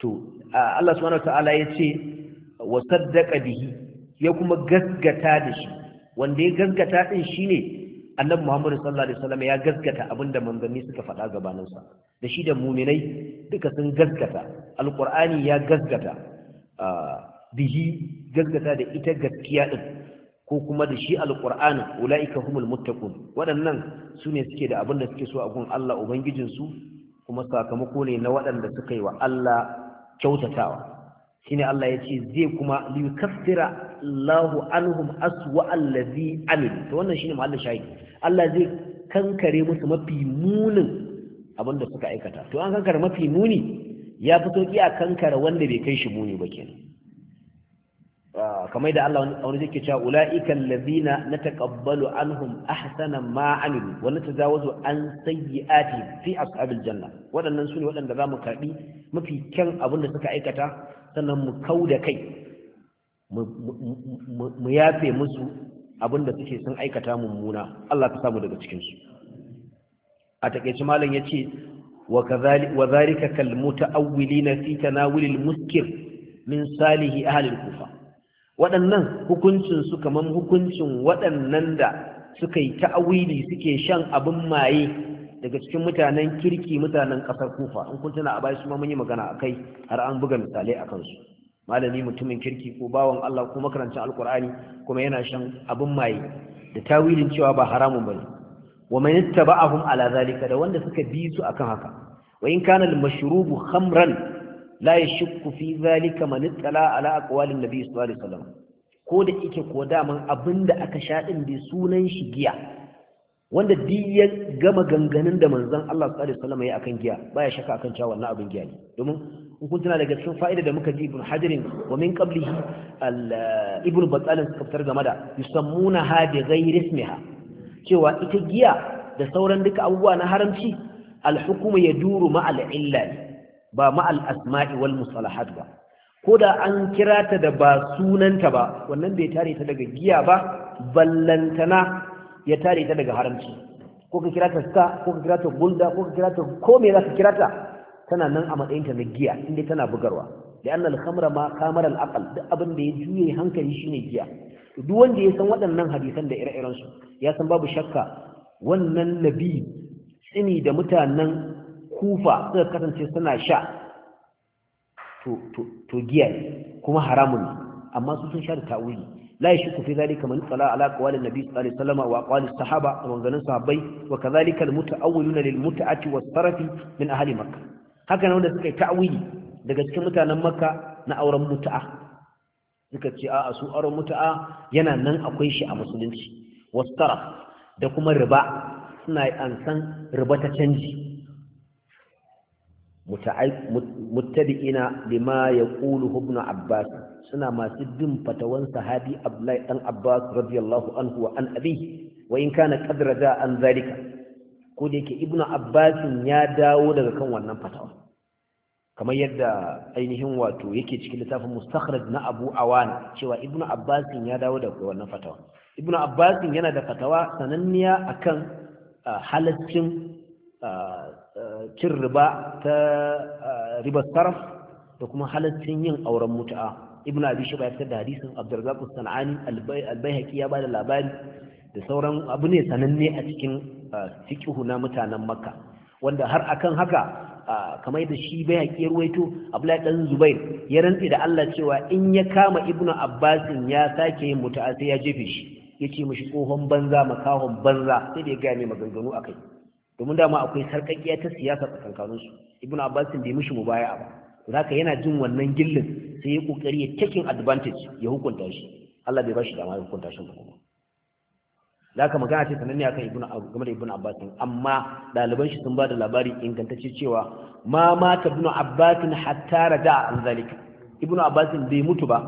to Allah subhanahu ta'ala ya ce wa saddaqa bihi ya kuma gasgata da shi wanda ya ɗin din shine annabi Muhammadu sallallahu alaihi wasallam ya gaskata abinda manzanni suka faɗa gabaninsa da shi da muminai duka sun gaskata alqur'ani ya gaskata bihi gaskata da ita gaskiya din ko kuma da shi alqur'ani ulaika humul muttaqun waɗannan sune suke da abinda suke so a gun Allah ubangijin su kuma sakamako ne na waɗanda suka yi wa Allah kyautatawa shine Allah ya ce zai kuma liyukaffira Allahu anhum aswa allazi amil to wannan shine mahallin shahidi Allah zai kankare musu mafi munin abin da suka aikata to an kankare mafi muni ya fito ki a kankare wanda bai kai shi muni ba kenan ah, kamar da Allah wani zai cewa ula'ika allazina nataqabbalu anhum ahsana ma amilu wa natajawazu an sayyi'ati fi ashabil janna su ne waɗanda zamu karbi mafi kyan abin da suka aikata sannan mu kau da kai mu yafe musu abinda suke sun aikata mummuna Allah ka samu daga cikinsu a takaice malam ya ce wa zalika kal muta'awwilina fi tanawulil muskir min salihi ahlil kufa waɗannan hukuncin su kaman hukuncin waɗannan da suka yi ta'awili suke shan abin maye daga cikin mutanen kirki mutanen ƙasar kufa in kun tuna a bai su ma mun yi magana a kai har an buga misalai a kansu malami mutumin kirki ko bawan Allah ko makarancin alkur'ani kuma yana shan abin maye da tawilin cewa ba haramun bane wa man ittaba'ahum ala zalika da wanda suka bi su akan haka wa in kana al-mashrubu khamran la yashukku fi zalika man ittala ala aqwalin nabi sallallahu alaihi wasallam ko da yake ko daman abinda aka sha din bi sunan shi giya wanda duk ya gama ganganin da manzon Allah sallallahu alaihi wasallam ya akan giya baya shaka akan cewa wannan abin giya ne domin in kun tuna daga cikin fa'ida da muka ji ibn hajarin wa min qablihi al ibn battal suka fitar game da yusammuna ha bi ghairi ismiha cewa ita giya da sauran duka abubuwa na haramci al hukuma yaduru ma al illa ba ma al asma'i wal musalahat ba ko da an kira ta da ba sunanta ba wannan bai tare ta daga giya ba ballantana ya tare ta daga haramci ko ka kira ta ska ko ka kira ta gulda ko ka kira ta ko me za ka kira ta tana nan a matsayin ta na giya inda tana bugarwa da annal khamra ma kamar al aqal duk abin da ya juye hankali shine giya duk wanda ya san waɗannan hadisan da ire-iren su ya san babu shakka wannan nabi tsini da mutanen kufa suka kasance suna sha to giya kuma haramun amma su sun sha da ta'uli لا يشك في ذلك من اطلع على أقوال النبي صلى الله عليه وسلم وأقوال الصحابة ومنزل الصحابي وكذلك المتأولون للمتعة والصرف من أهل مكة هكذا هنا سكي تعويل daga cikin mutanen makka na auren mutu'a suka ce a su auren mutu'a yana nan akwai shi a musulunci wastara da kuma riba suna ansan riba ta canji muttabi'ina lima yaqulu abbas suna masu bin fatawan sahabi Abdullahi dan Abbas radiyallahu anhu wa an abi wa in kana qadra da an zalika ko da yake Ibn Abbas ya dawo daga kan wannan fatawa kamar yadda ainihin wato yake cikin littafin mustakhraj na Abu Awana cewa Ibn Abbas ya dawo daga wannan fatawa Ibn Abbas yana da fatawa sananniya akan ah, halaccin ah, cin riba ta ah, riba sarf da kuma halaccin yin auren mutu'a Ibnu abi shuba ya fitar da hadisin abdurrazzaq as-sanani al ya bada labari da sauran abu ne sananne a cikin fiqhu na mutanen makka wanda har akan haka kamar da shi baihaqi ya ruwaito abdullahi dan zubair ya rantsi da Allah cewa in ya kama ibnu abbas ya sake yin muta'a sai ya jefe shi yace mishi kohon banza makahon banza sai da ya ga mai maganganu akai domin dama akwai sarkakiya ta siyasa su ibnu abbas bai mishi mubaya'a ba zaka yana jin wannan gillin sai ya kokari ya taking advantage ya hukunta shi Allah bai bashi dama ya hukunta shi ba kuma zaka magana ce sananne akan ibnu game da ibnu abbas amma daliban shi sun ba da labari ingantacce cewa ma mata ibnu abbas hatta raja an zalika ibnu abbas bai mutu ba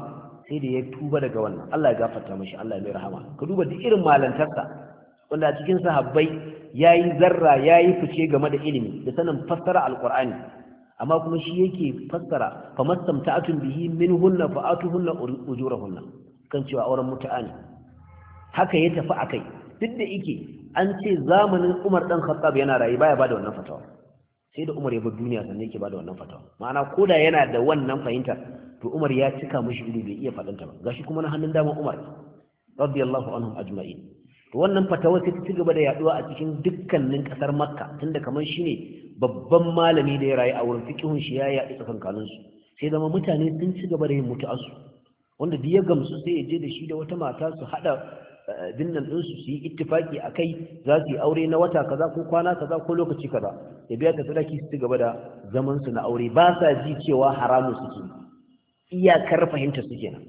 sai da ya tuba daga wannan Allah ya gafarta mishi Allah ya mai rahama ka duba duk irin malantarsa wanda a cikin sahabbai yayi zarra yayi fice game da ilimi da sanin fassara alqur'ani amma kuma shi yake fassara fa mastamta'atun bihi minhunna fa atuhunna ujurahunna kan cewa auren mutu'a ne haka ya tafi akai duk da yake an ce zamanin Umar dan Khattab yana rayi baya bada wannan fatawa sai da Umar ya bar duniya sannan yake bada wannan fatawa ma'ana koda yana da wannan fahimtar to Umar ya cika mishi ido bai iya faɗanta ba gashi kuma na hannun dama Umar radiyallahu anhum ajma'in to wannan fatawa sai ta ci gaba da yaduwa a cikin dukkanin kasar Makka tunda kamar shine babban malami da ya rayu a wurin fikihun shi ya yaɗi tsakankanin su sai zama mutane sun ci gaba da yin mutu'ansu wanda duk ya gamsu sai ya je da shi da wata mata su haɗa eh, dinnan ɗinsu su yi ittifaki a kai za su yi aure na wata kaza ko kwana kaza ko lokaci kaza ya biya ta sadaki su ci gaba da zaman su na aure ba sa ji cewa haramun suke iyakar fahimta su kenan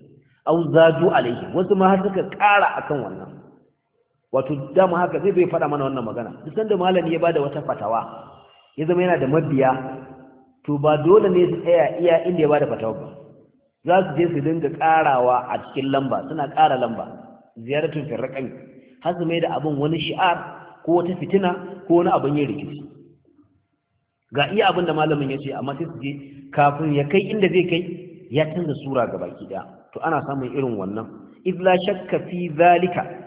au zaju alaihi wasu ma har suka ƙara akan wannan wato dama haka zai bai faɗa mana wannan magana duk sanda malami ya bada wata fatawa ya zama yana da mabiya to ba dole ne su tsaya iya inda ya ba da fatawa ba za su je su dinga karawa a cikin lamba suna kara lamba ziyaratun firrakan har su mai da abin wani shi'ar ko wata fitina ko wani abin yin rikici ga iya abin da malamin ya ce amma sai su je kafin ya kai inda zai kai ya canza sura ga baki da, to ana samun irin wannan idla shakka fi zalika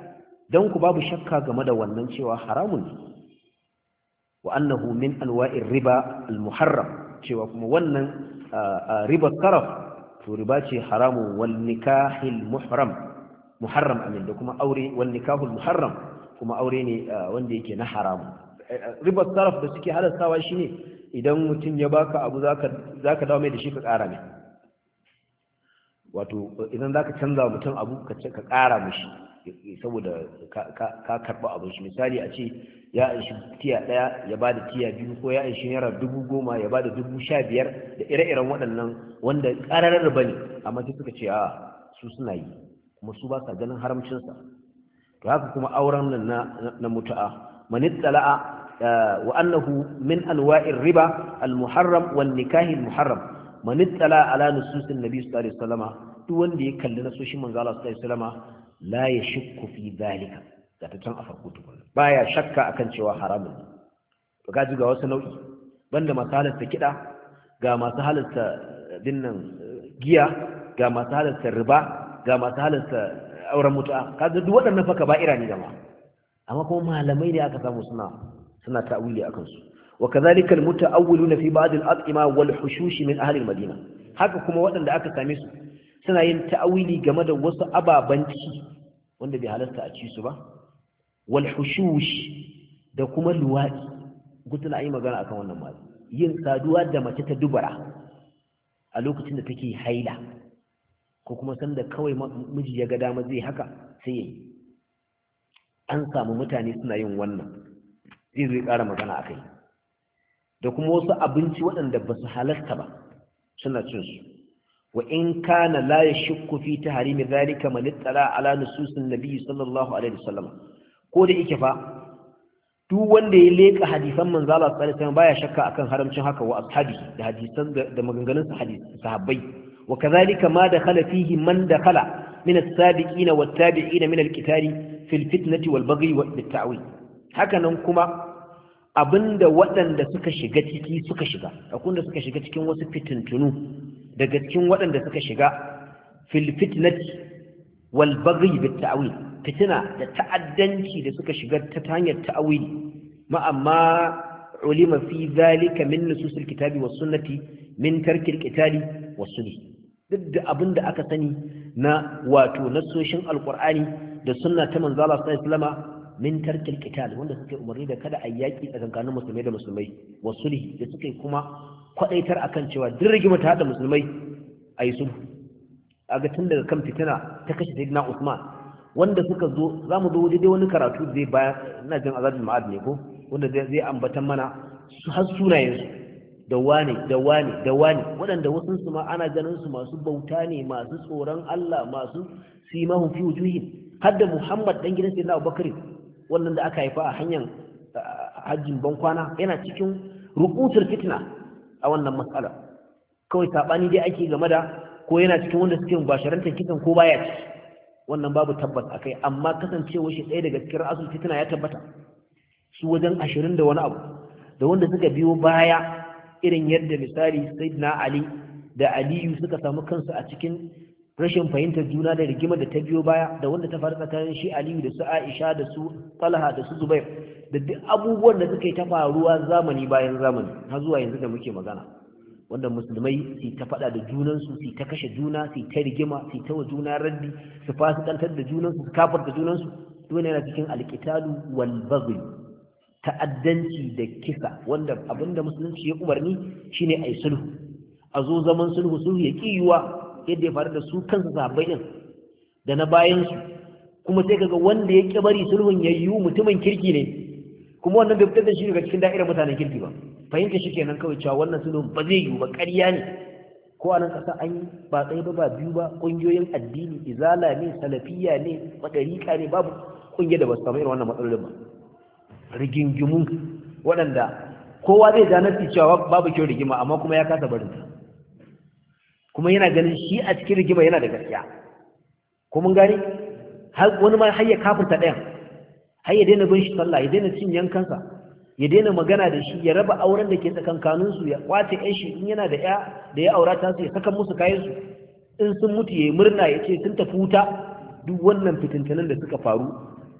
Dan ku babu shakka game da wannan cewa haramun wa annahu min anwa'ir riba al-muharram cewa kuma wannan riba taraf to riba ce haramu wal nikahil muharram amin da kuma aure wal muharram kuma aure ne wanda yake na haramu riba da suke halastawa shine idan mutum ya baka abu zaka zaka dawo mai da shi ka ƙara mai wato idan zaka canza mutum abu ka ka ƙara mishi saboda ka karɓa abu shi misali a ce ya aishi tiya ɗaya ya ba da tiya biyu ko ya aishi naira dubu goma ya ba da dubu sha biyar da ire-iren waɗannan wanda ƙararar ba ne amma sai suka ce a su suna yi kuma su ba sa ganin haramcinsa to haka kuma auren nan na mutu'a manittala'a eh, wa annahu min anwa'ir riba al-muharram wal nikahi al-muharram manittala ala nususin nabi sallallahu alaihi wasallama duk wanda ya kalli nasoshin manzo Allah sallallahu alaihi wasallama la yashukku fi dhalika da ta can a farko tukuna baya shakka akan cewa haramun ne to kaji ga wasu nau'i banda masu halarta kiɗa ga masu halarta dinnan eh, eh, giya ga masu halarta riba ga masu halarta eh, auren mutu'a kaji duk waɗannan faka ba ira ne da amma kuma malamai ne aka samu suna suna ta'awili akan su wa kadhalika na fi ba'd al wal hushush min ahli madina haka kuma waɗanda aka same su suna yin ta'awili game da wasu ababanci wanda bai halarta a ci su ba wal da kuma luwadi gutula ayi magana akan wannan ma yin saduwa da mace ta dubara a lokacin da take haila ko kuma sanda kawai miji ya ga dama zai haka sai yayi an samu mutane suna yin wannan zai zai ƙara magana akai da kuma wasu abinci waɗanda ba su halarta ba suna cin su وإن كان لا يشك في تحريم ذلك من اطلع على نصوص النبي صلى الله عليه وسلم ko da yake fa duk wanda ya leka hadisan Manzala Allah sallallahu alaihi wasallam baya shakka akan haramcin haka wa ashabi da hadisan da maganganun sahabbai wa kazalika ma dakhala fihi man dakhala min as-sabiqina wat-tabi'ina min al-qitali fil fitnati wal baghi wa bit-ta'wil haka nan kuma abinda waɗanda suka shiga ciki suka shiga akunda suka shiga cikin wasu fitintunu daga cikin waɗanda suka shiga fil fitnati Walbari baghi bit ta'wil fitina da ta'addanci da suka shiga ta hanyar ta'awili ma amma ulima fi zalika min nususil kitabi was sunnati min tarkil qitali was sunni duk da abunda aka sani na wato nasoshin alqur'ani da sunna ta manzo Allah sallallahu alaihi wasallama min tarkil wanda suke umarni da kada a yaki tsakanin musulmai da musulmai wasulhi da suke kuma kwadaitar akan cewa duk rigima ta hada musulmai ayi sulhu aga tun daga kan fitina ta kashe na Usman wanda suka zo za mu zo daidai wani karatu zai baya ina jin azabin ma'ad ne ko wanda zai ambatan mana su har sunayen su da wane da wane da wane waɗanda wasu su ma ana ganin su masu bauta ne masu tsoron Allah masu simahu fi wujuhin har Muhammad dan gidan sayyidina Abubakar wannan da aka haifa a hanyar hajjin bankwana yana cikin rukutul fitna a wannan matsala kawai sabani dai ake game da ko yana cikin wanda suke mubasharantar kisan ko baya ci wannan babu tabbas akai amma kasancewar shi ɗaya daga cikin ra'asul fitina ya tabbata su wajen ashirin da wani abu da wanda suka biyo baya irin yadda misali sayyidina ali da aliyu suka samu kansu a cikin rashin fahimtar juna da rigimar da ta biyo baya da wanda ta faru tsakanin shi aliyu da su aisha da su talha da su zubair da duk abubuwan da suka yi ta faruwa zamani bayan zamani har zuwa yanzu da muke magana wanda musulmai su ta faɗa da junansu su ta kashe juna su ta rigima su ta wa juna raddi su fasikantar da junansu su kafar da junansu dole yana cikin alkitalu wal ta'addanci da kisa wanda abinda musulunci ya umarni shine ai sulhu a zo zaman sulhu sulhu ya kiyuwa yadda ya faru da su kansu sahabbai din da na bayan su kuma sai kaga wanda ya ki bari sulhun ya yiwu mutumin kirki ne kuma wannan bai fitar da shi daga cikin da'irar mutanen kirki ba fahimta shi kenan kawai cewa wannan sulhun ba zai yiwu ba ƙarya ne ko a nan ƙasa an yi ba ɗaya ba ba biyu ba ƙungiyoyin addini izala ne salafiya ne maɗarika ne babu ƙungiyar da ba su samu irin wannan matsalolin ba rigingimu waɗanda kowa zai ja nasi cewa babu kyau rigima amma kuma ya kasa barin ta kuma yana ganin shi a cikin rigima yana da gaskiya ko mun gane wani ma har ya kafirta ɗayan har ya daina bin shi sallah ya daina cin yankansa ya daina magana da shi ya raba auren da ke su ya kwace ɗan shi in yana da ya da ya aura ta su ya saka musu kayan su in sun mutu ya murna ya ce sun tafi wuta duk wannan fitintunan da suka faru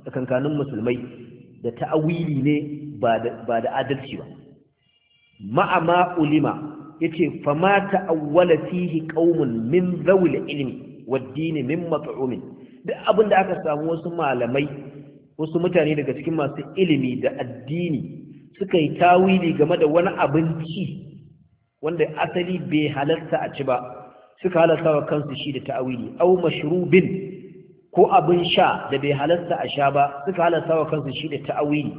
tsakankanin musulmai da ta'awili ne ba da adalci ba ma'ama ulima yace fama ta'awwala fihi qaumun min zawil ilmi waddini min mat'umin duk abin da aka samu wasu malamai wasu mutane daga cikin masu ilimi da addini suka yi tawili game da wani ci, wanda asali bai halarta a ci ba suka halarta wa kansu shi da ta'awili au mashrubin ko abin sha da bai halarta a sha ba suka halarta wa kansu shi da ta'awili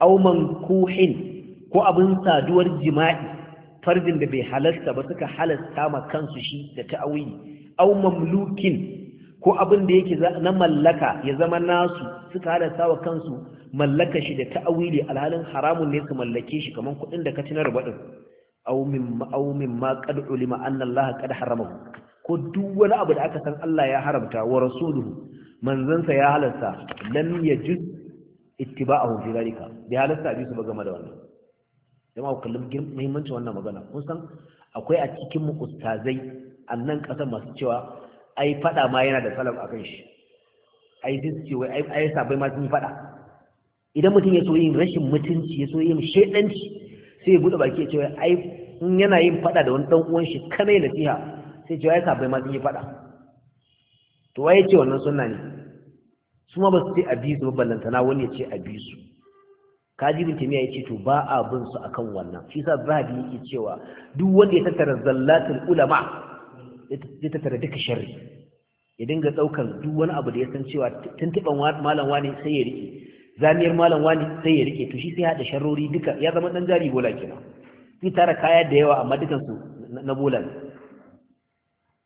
au mankuhin ko abin saduwar jima'i farjin da bai halarta ba suka halarta ma kansu shi da ta'awili au mamlukin ko abin da yake na mallaka ya zama nasu suka halarta wa kansu mallaka shi da ta'awili alhalin haramun ne su mallake shi kaman kuɗin da ka ci na riba din aw ma qad ulima anna Allah qad ko duk wani abu da aka san Allah ya haramta wa rasuluhu manzansa ya halarta lam yajuz ittiba'ahu fi zalika bi halasta bi su ba da wannan jama'a kullum muhimmancin wannan magana kun san akwai a cikin mu ustazai annan kasar masu cewa ai fada ma yana da salaf akan shi ai sai ce wai ai sabai ma sun fada idan mutum ya so yin rashin mutunci ya so yin shaidanci sai ya buɗe baki ya ce ai in yana yin faɗa da wani ɗan uwan shi kamai nasiha sai ya ka bai ma sun yi faɗa to wai ce wannan sunna ne su ba su ce a bi su ba wani ya ce a bi su kajibin tamiya ya ce to ba a bin su akan wannan shi sa zahabi yake cewa duk wanda ya tattara zallatul ulama ya tattara duka sharri ya dinga ɗaukar duk wani abu da ya san cewa tuntuban malam wani sai ya rike zamiyar malam wani sai ya rike to shi sai hada sharrori duka ya zama dan jari bola kenan sai tara kaya da yawa amma dukan su na bola ne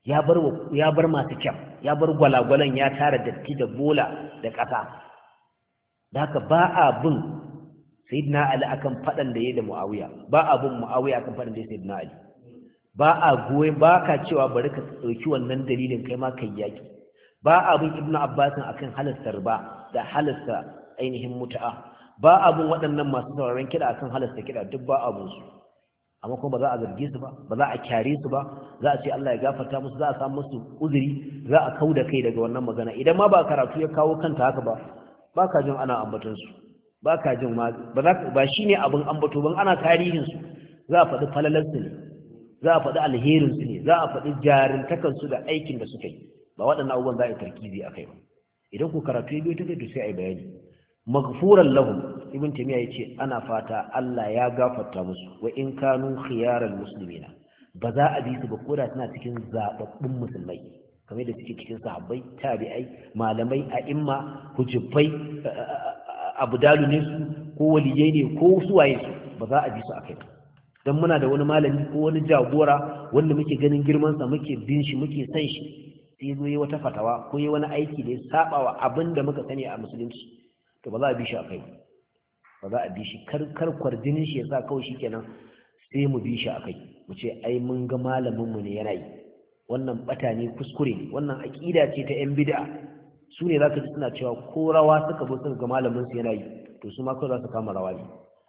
ya bar ya bar masu kyam ya bar gwalagwalan ya tara datti da bola da kasa da haka ba a bin sayyidina ali akan fadan da yayi da muawiya ba a bin muawiya akan fadan da yayi sayyidina ali ba a goye ba ka cewa bari ka dauki wannan dalilin kai ma kai yaki ba a bin ibnu abbasin akan halasta riba da halasta ainihin mutu'a ba abun waɗannan masu sauraron kiɗa akan halasta kiɗa duk ba abun su amma kuma ba za a zarge su ba ba za a kyare su ba za a ce Allah ya gafarta musu za a samu musu uzuri za a kauda kai daga wannan magana idan ma ba karatu ya kawo kanta haka ba ba ka jin ana ambaton su ba ka jin ma ba za ba abin ambato ban ana tarihin su za a faɗi falalar ne za a faɗi alherin su ne za a faɗi jarintakan da aikin da suka yi ba waɗannan abubuwan za a yi tarkizi kai ba idan ku karatu ya biyo ta kai to sai a yi bayani maghfuran lahum ibn taymiya yace ana fata Allah ya gafarta musu wa in kanu khiyaral muslimina ba za a bi su ba koda tana cikin zababbun musulmai kamar da suke cikin sahabbai tabi'ai malamai a Imma, hujubbai Abudalu ne su ko waliyai ne ko suwaye su ba za a bi su akai dan muna da wani malami ko wani jagora wanda muke ganin girman sa muke bin shi muke san shi sai zo yi wata fatawa ko yi wani aiki da ya saba abin da muka sani a musulunci to ba za a bi shi a kai ba za a bi shi Kar jinin shi ya sa kawai kenan sai mu bi shi a kai mu ce ai mun ga malamin mu ne yana yi wannan bata ne kuskure ne wannan aƙida ce ta yan bid'a su ne za ka ji suna cewa ko rawa suka bi suka ga malamin su yana yi to su ma kawai za su kama rawa ne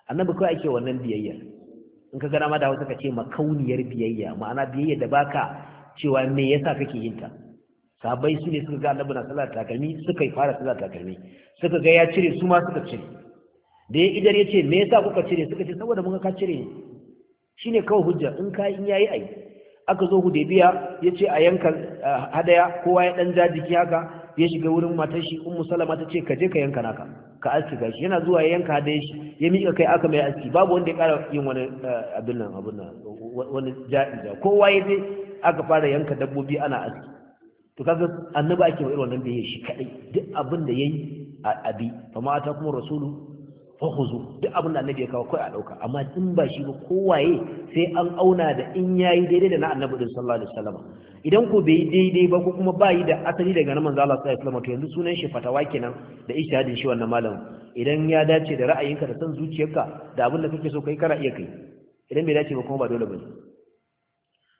annabi kawai ake wannan biyayya in ka ga dama da hausa ka ce makauniyar biyayya ma'ana biyayya da baka cewa me yasa kake yin ta sabai su ne suka ga annabi na sallar takalmi suka yi fara sallar takalmi suka ga ya cire su ma suka cire da ya idar ya ce me yasa kuka cire suka ce saboda mun ka cire shine kawai hujja in ka in yayi ai aka zo hudaybiya ya ce a yanka hadaya kowa ya dan jajiki haka ya shiga wurin matar shi ummu salama ta ce ka je ka yanka naka ka aski shi yana zuwa ya yanka hadayen shi ya mika kai aka mai aski babu wanda ya kara yin wani abin nan abin nan wani ja'i kowa ya je aka fara yanka dabbobi ana aski to kaga annabi ake wa irin wannan bai shi kadai duk abin da yayi a abi fa ma ta kuma rasulu fa khuzu duk abin da annabi ya kawo kai a dauka amma in ba shi ba kowaye sai an auna da in yayi daidai da na annabi din sallallahu alaihi wasallam idan ko bai daidai ba ko kuma bai da asali daga na manzo Allah sallallahu alaihi wasallam to yanzu sunan shi fatawa kenan da ishadin shi wannan malam. idan ya dace da ra'ayinka da san zuciyarka da abin da kake so kai kana iya kai idan bai dace ba kuma ba dole bane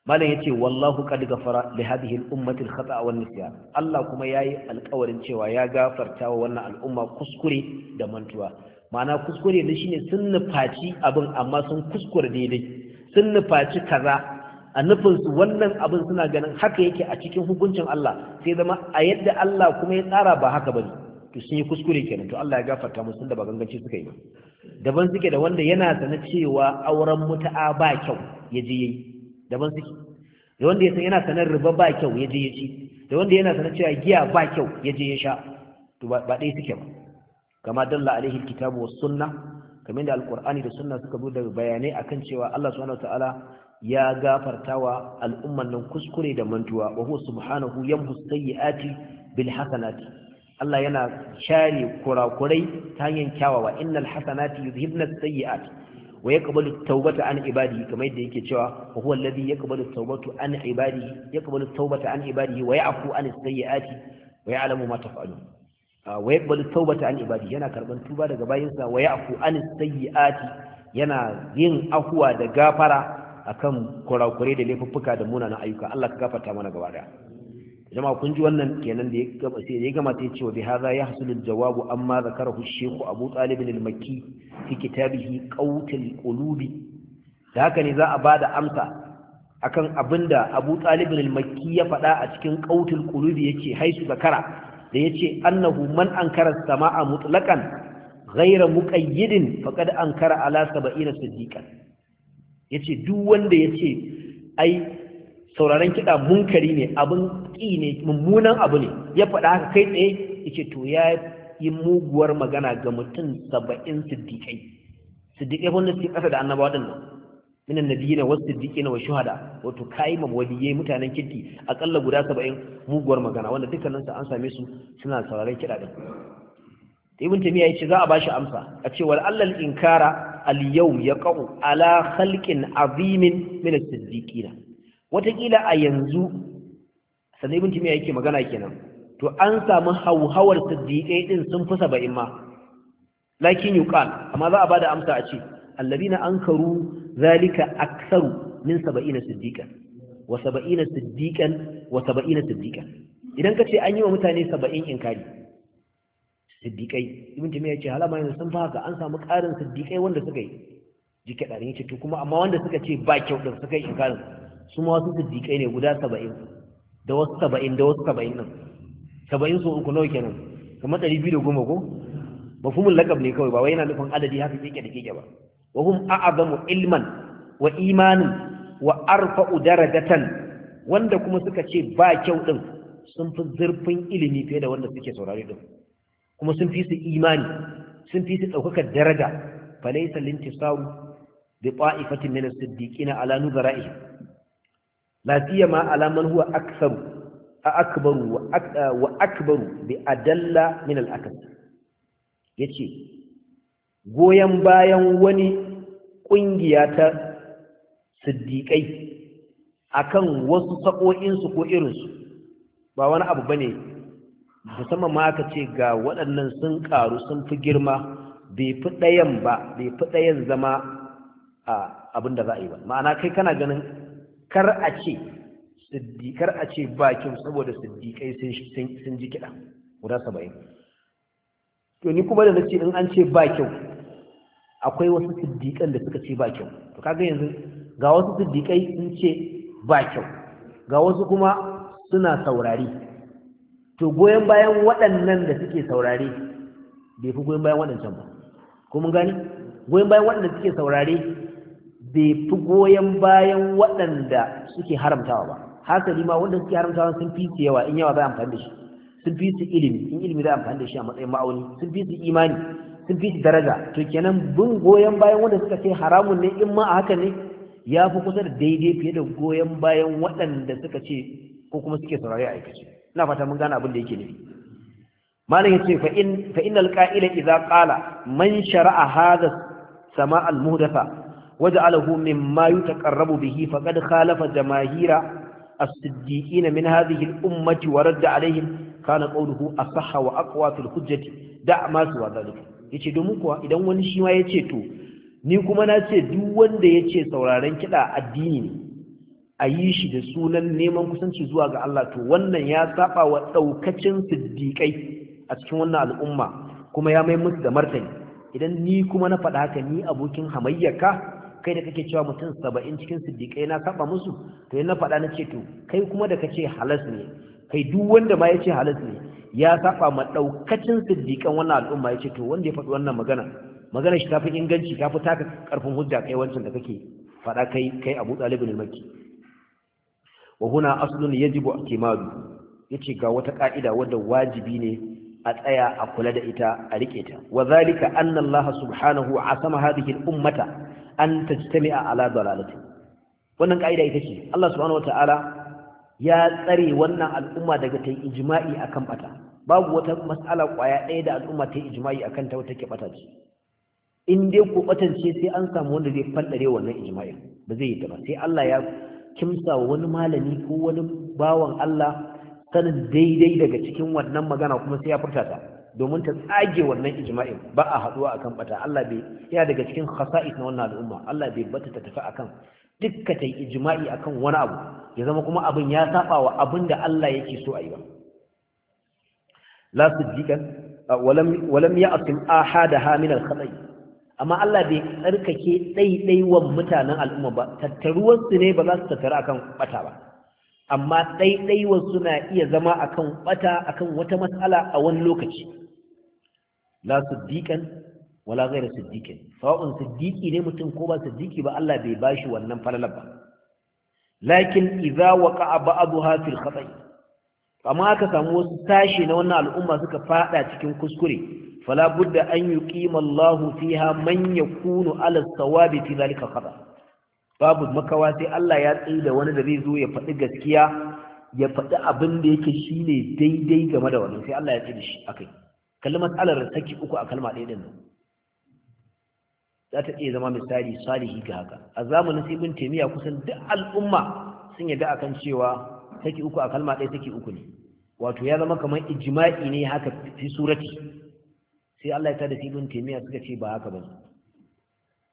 malam yace wallahu qad ghafara li hadhihi al-ummati al-khata'a wan nisyan Allah kuma yayi alƙawarin cewa ya gafarta wa wannan al'umma kuskure da mantuwa ma'ana kuskure ne shine sun nufaci abin amma sun kuskure daidai sun nufaci kaza a nufin su wannan abin suna ganin haka yake a cikin hukuncin Allah sai zama a yadda Allah kuma ya tsara ba haka bane to sun yi kuskure kenan to Allah ya gafarta musu da ba ganganci suka yi ba. daban suke da wanda yana sanar cewa auren muta'a ba kyau ya je yayi daban suke da wanda ya san yana sanar riba ba kyau ya je ya ci da wanda yana sanar cewa giya ba kyau ya je ya sha to ba ɗaya suke ba kama dalla alaihi kitabu was sunna kamar da alqur'ani da sunna suka zo da bayanai akan cewa Allah subhanahu wataala ya gafartawa al'umman nan kuskure da mantuwa wa huwa subhanahu yamhu sayyiati bil hasanati Allah yana share kurakurai ta hanyar kyawawa innal hasanati yuzhibna sayyiati wa yaqbalu tawbata an ibadihi kamar yadda yake cewa wa huwa alladhi yaqbalu tawbatu an ibadihi yaqbalu tawbata an ibadihi wa ya'fu an sayyiati wa ya'lamu ma taf'alun ah, wa yaqbalu tawbata an ibadihi yana karban tuba daga bayinsa wa ya'fu an sayyiati yana yin afuwa da gafara akan kurakurai da laifuffuka da munanan ayyuka Allah ka gafarta mana gaba daya jama'a kun ji wannan kenan da ya sai ya gama sai cewa bi ya yahsul al-jawabu amma zakarahu shaykh Abu Talib al-Makki fi kitabihi Qawtul Qulubi da haka ne za a bada amsa akan abinda Abu Talib al-Makki ya faɗa a cikin Qawtul Qulubi yace haisu zakara da yace annahu man ankara as-sama'a mutlaqan ghayra muqayyidin faqad ankara ala 70 siddiqan yace duk wanda yace ai sauraron kiɗa munkari ne abin ƙi ne mummunan abu ne ya faɗa haka kai tsaye ce to ya yi muguwar magana ga mutum saba'in siddiƙai siddiƙai wanda suke ƙasa da minan na nan na wasu was na wa hada wato kai ya yi mutanen kirki aƙalla guda saba'in muguwar magana wanda dukkanin su an same su suna sauraron kiɗa yi ibn tamiya yace za a ba shi amsa a ce wal allal inkara al yawm yaqau ala khalqin azimin min as-siddiqina watakila a yanzu sannan ibn timiya yake magana kenan to an samu hauhawar siddiqai din sun fi saba'in ma lakin yuqal amma za a bada amsa a ce alladina ankaru zalika aktsaru min saba'ina siddiqan wa saba'ina siddiqan wa saba'ina siddiqan idan ka ce an yi wa mutane in inkari siddiqai ibn timiya yace halama yanzu sun fi haka an samu ƙarin siddiqai wanda suka yi jike ya ce, to kuma amma wanda suka ce ba kyau din suka yi inkarin su ma wasu siddiƙai ne guda saba'in da wasu saba'in da wasu saba'in nan saba'in su uku nawa kenan kamar ɗari biyu da goma ko mafhumul laqab ne kawai ba wai yana nufin adadi haka keke da keke ba wa hum a'zamu ilman wa imanin wa arfa'u darajatan wanda kuma suka ce ba kyau din sun fi zurfin ilimi fiye da wanda suke saurare din kuma sun fi su imani sun fi su ɗaukakar daraja falaysa lintisaru bi ta'ifatin min as-siddiqina ala nuzara'ihim lafiya ma alaman huwa aksaru a akbaru wa akbaru bi adalla min al'akal ya ce goyon bayan wani ƙungiya ta siddiƙai akan wasu saƙo'insu ko irinsu ba wani abu ba ne musamman ma aka ce ga waɗannan sun ƙaru sun fi girma bai fi ɗayan ba bai fi ɗayan zama abin da za a yi ba ma'ana kai kana ganin kar a ce siddiƙar a ce bakin saboda siddiƙai sun ji kiɗa guda saba'in to ni kuma da na ce in an ce ba kyau akwai wasu siddiƙan da suka ce ba kyau to kaga yanzu ga wasu siddiƙai sun ce ba kyau ga wasu kuma suna saurari to goyon bayan waɗannan da suke saurari bai fi goyon bayan waɗancan ba ko mun gani goyon bayan waɗanda suke saurari bai fi goyon bayan waɗanda suke haramtawa ba hasali ma wanda suke haramtawa sun fi su yawa in yawa za amfani da shi sun fi su ilimi in ilimi za amfani da shi a matsayin ma'auni sun fi su imani sun fi su daraja to kenan bin goyon bayan wanda suka ce haramun ne in ma a haka ne ya fi kusa da daidai fiye da goyon bayan waɗanda suka ce ko kuma suke saurari a aikace ina fata mun gane abin da yake nufi malam yace fa in fa innal qa'ila idza qala man shara'a hadha sama al muhdatha وجعله مما يتقرب به فقد خالف جماهير الصديقين من هذه الأمة ورد عليهم كان قوله أصح وأقوى في الحجة دع ما سوى ذلك yace domin kuwa idan wani shi ma yace to ni kuma na ce duk wanda yace sauraren kiɗa addini ne a yi shi da sunan neman kusanci zuwa ga Allah to wannan ya saba wa daukacin siddiƙai a cikin wannan al'umma kuma ya mai musu da martani idan ni kuma na faɗa haka ni abokin hamayyarka kai da kake cewa mutum saba'in cikin siddiƙai na saba musu to yana faɗa na ce to kai kuma da kace halas ne kai duk wanda ma ya ce halas ne ya saba ma ɗaukacin siddiƙan wannan al'umma ya ce to wanda ya faɗi wannan magana magana shi ta fi inganci ta fi taka ƙarfin hujja kai wancan da kake faɗa kai kai abu ɗalibin makki wa huna aslun yajibu i'timadu yace ga wata ka'ida wadda wajibi ne a tsaya a kula da ita a rike ta wa zalika anna allaha subhanahu asama hadhihi al-ummata an a ala dalalati wannan kaida ita ce Allah subhanahu wataala ya tsare wannan al'umma daga ta ijma'i akan bata babu wata mas'ala kwaya ɗaya da al'umma ta ijma'i akan ta wata ke bata ce in dai ko batan sai an samu wanda zai fallare wannan ijma'i ba zai yi ta ba sai Allah ya kimsa wani malami ko wani bawan Allah sanin daidai daga cikin wannan magana kuma sai ya furta ta domin ta tsage wannan ijma'in ba a haduwa akan bata Allah bai yana daga cikin khasa'is na wannan al'umma Allah bai bata ta tafi akan dukkan ta ijma'i akan wani abu ya zama kuma abin ya sabawa wa da Allah yake so a yi ba la siddiqan walam walam ya'tim ahadaha min al-khata'i amma Allah bai tsarkake daidaiwan mutanen al'umma ba tattaruwar su ne ba za su tattara akan bata ba amma daidaiwan suna iya zama akan bata akan wata matsala a wani lokaci la siddiqan wala ghayra siddiqin sawa'un siddiqi ne mutum ko ba siddiqi ba Allah bai bashi wannan falalar ba lakin idza waqa'a ba'daha fil khata'i amma aka samu wasu tashi na wannan al'umma suka fada cikin kuskure fala budda an yuqima Allahu fiha man yakunu ala sawabi fi zalika khata' babu makawa sai Allah ya tsaye da wani da zai zo ya faɗi gaskiya ya faɗi abin da yake shine daidai game da wannan sai Allah ya tsaye da shi akai kalli matsalar saki uku a kalma ɗaya ɗin za ta iya zama misali salihi ga haka a zamanin sai ibn taymiya kusan duk al'umma sun yarda akan cewa saki uku a kalma ɗaya saki uku ne wato ya zama kamar ijma'i ne haka fi surati sai Allah ya tada sai ibn taymiya suka ce ba haka bane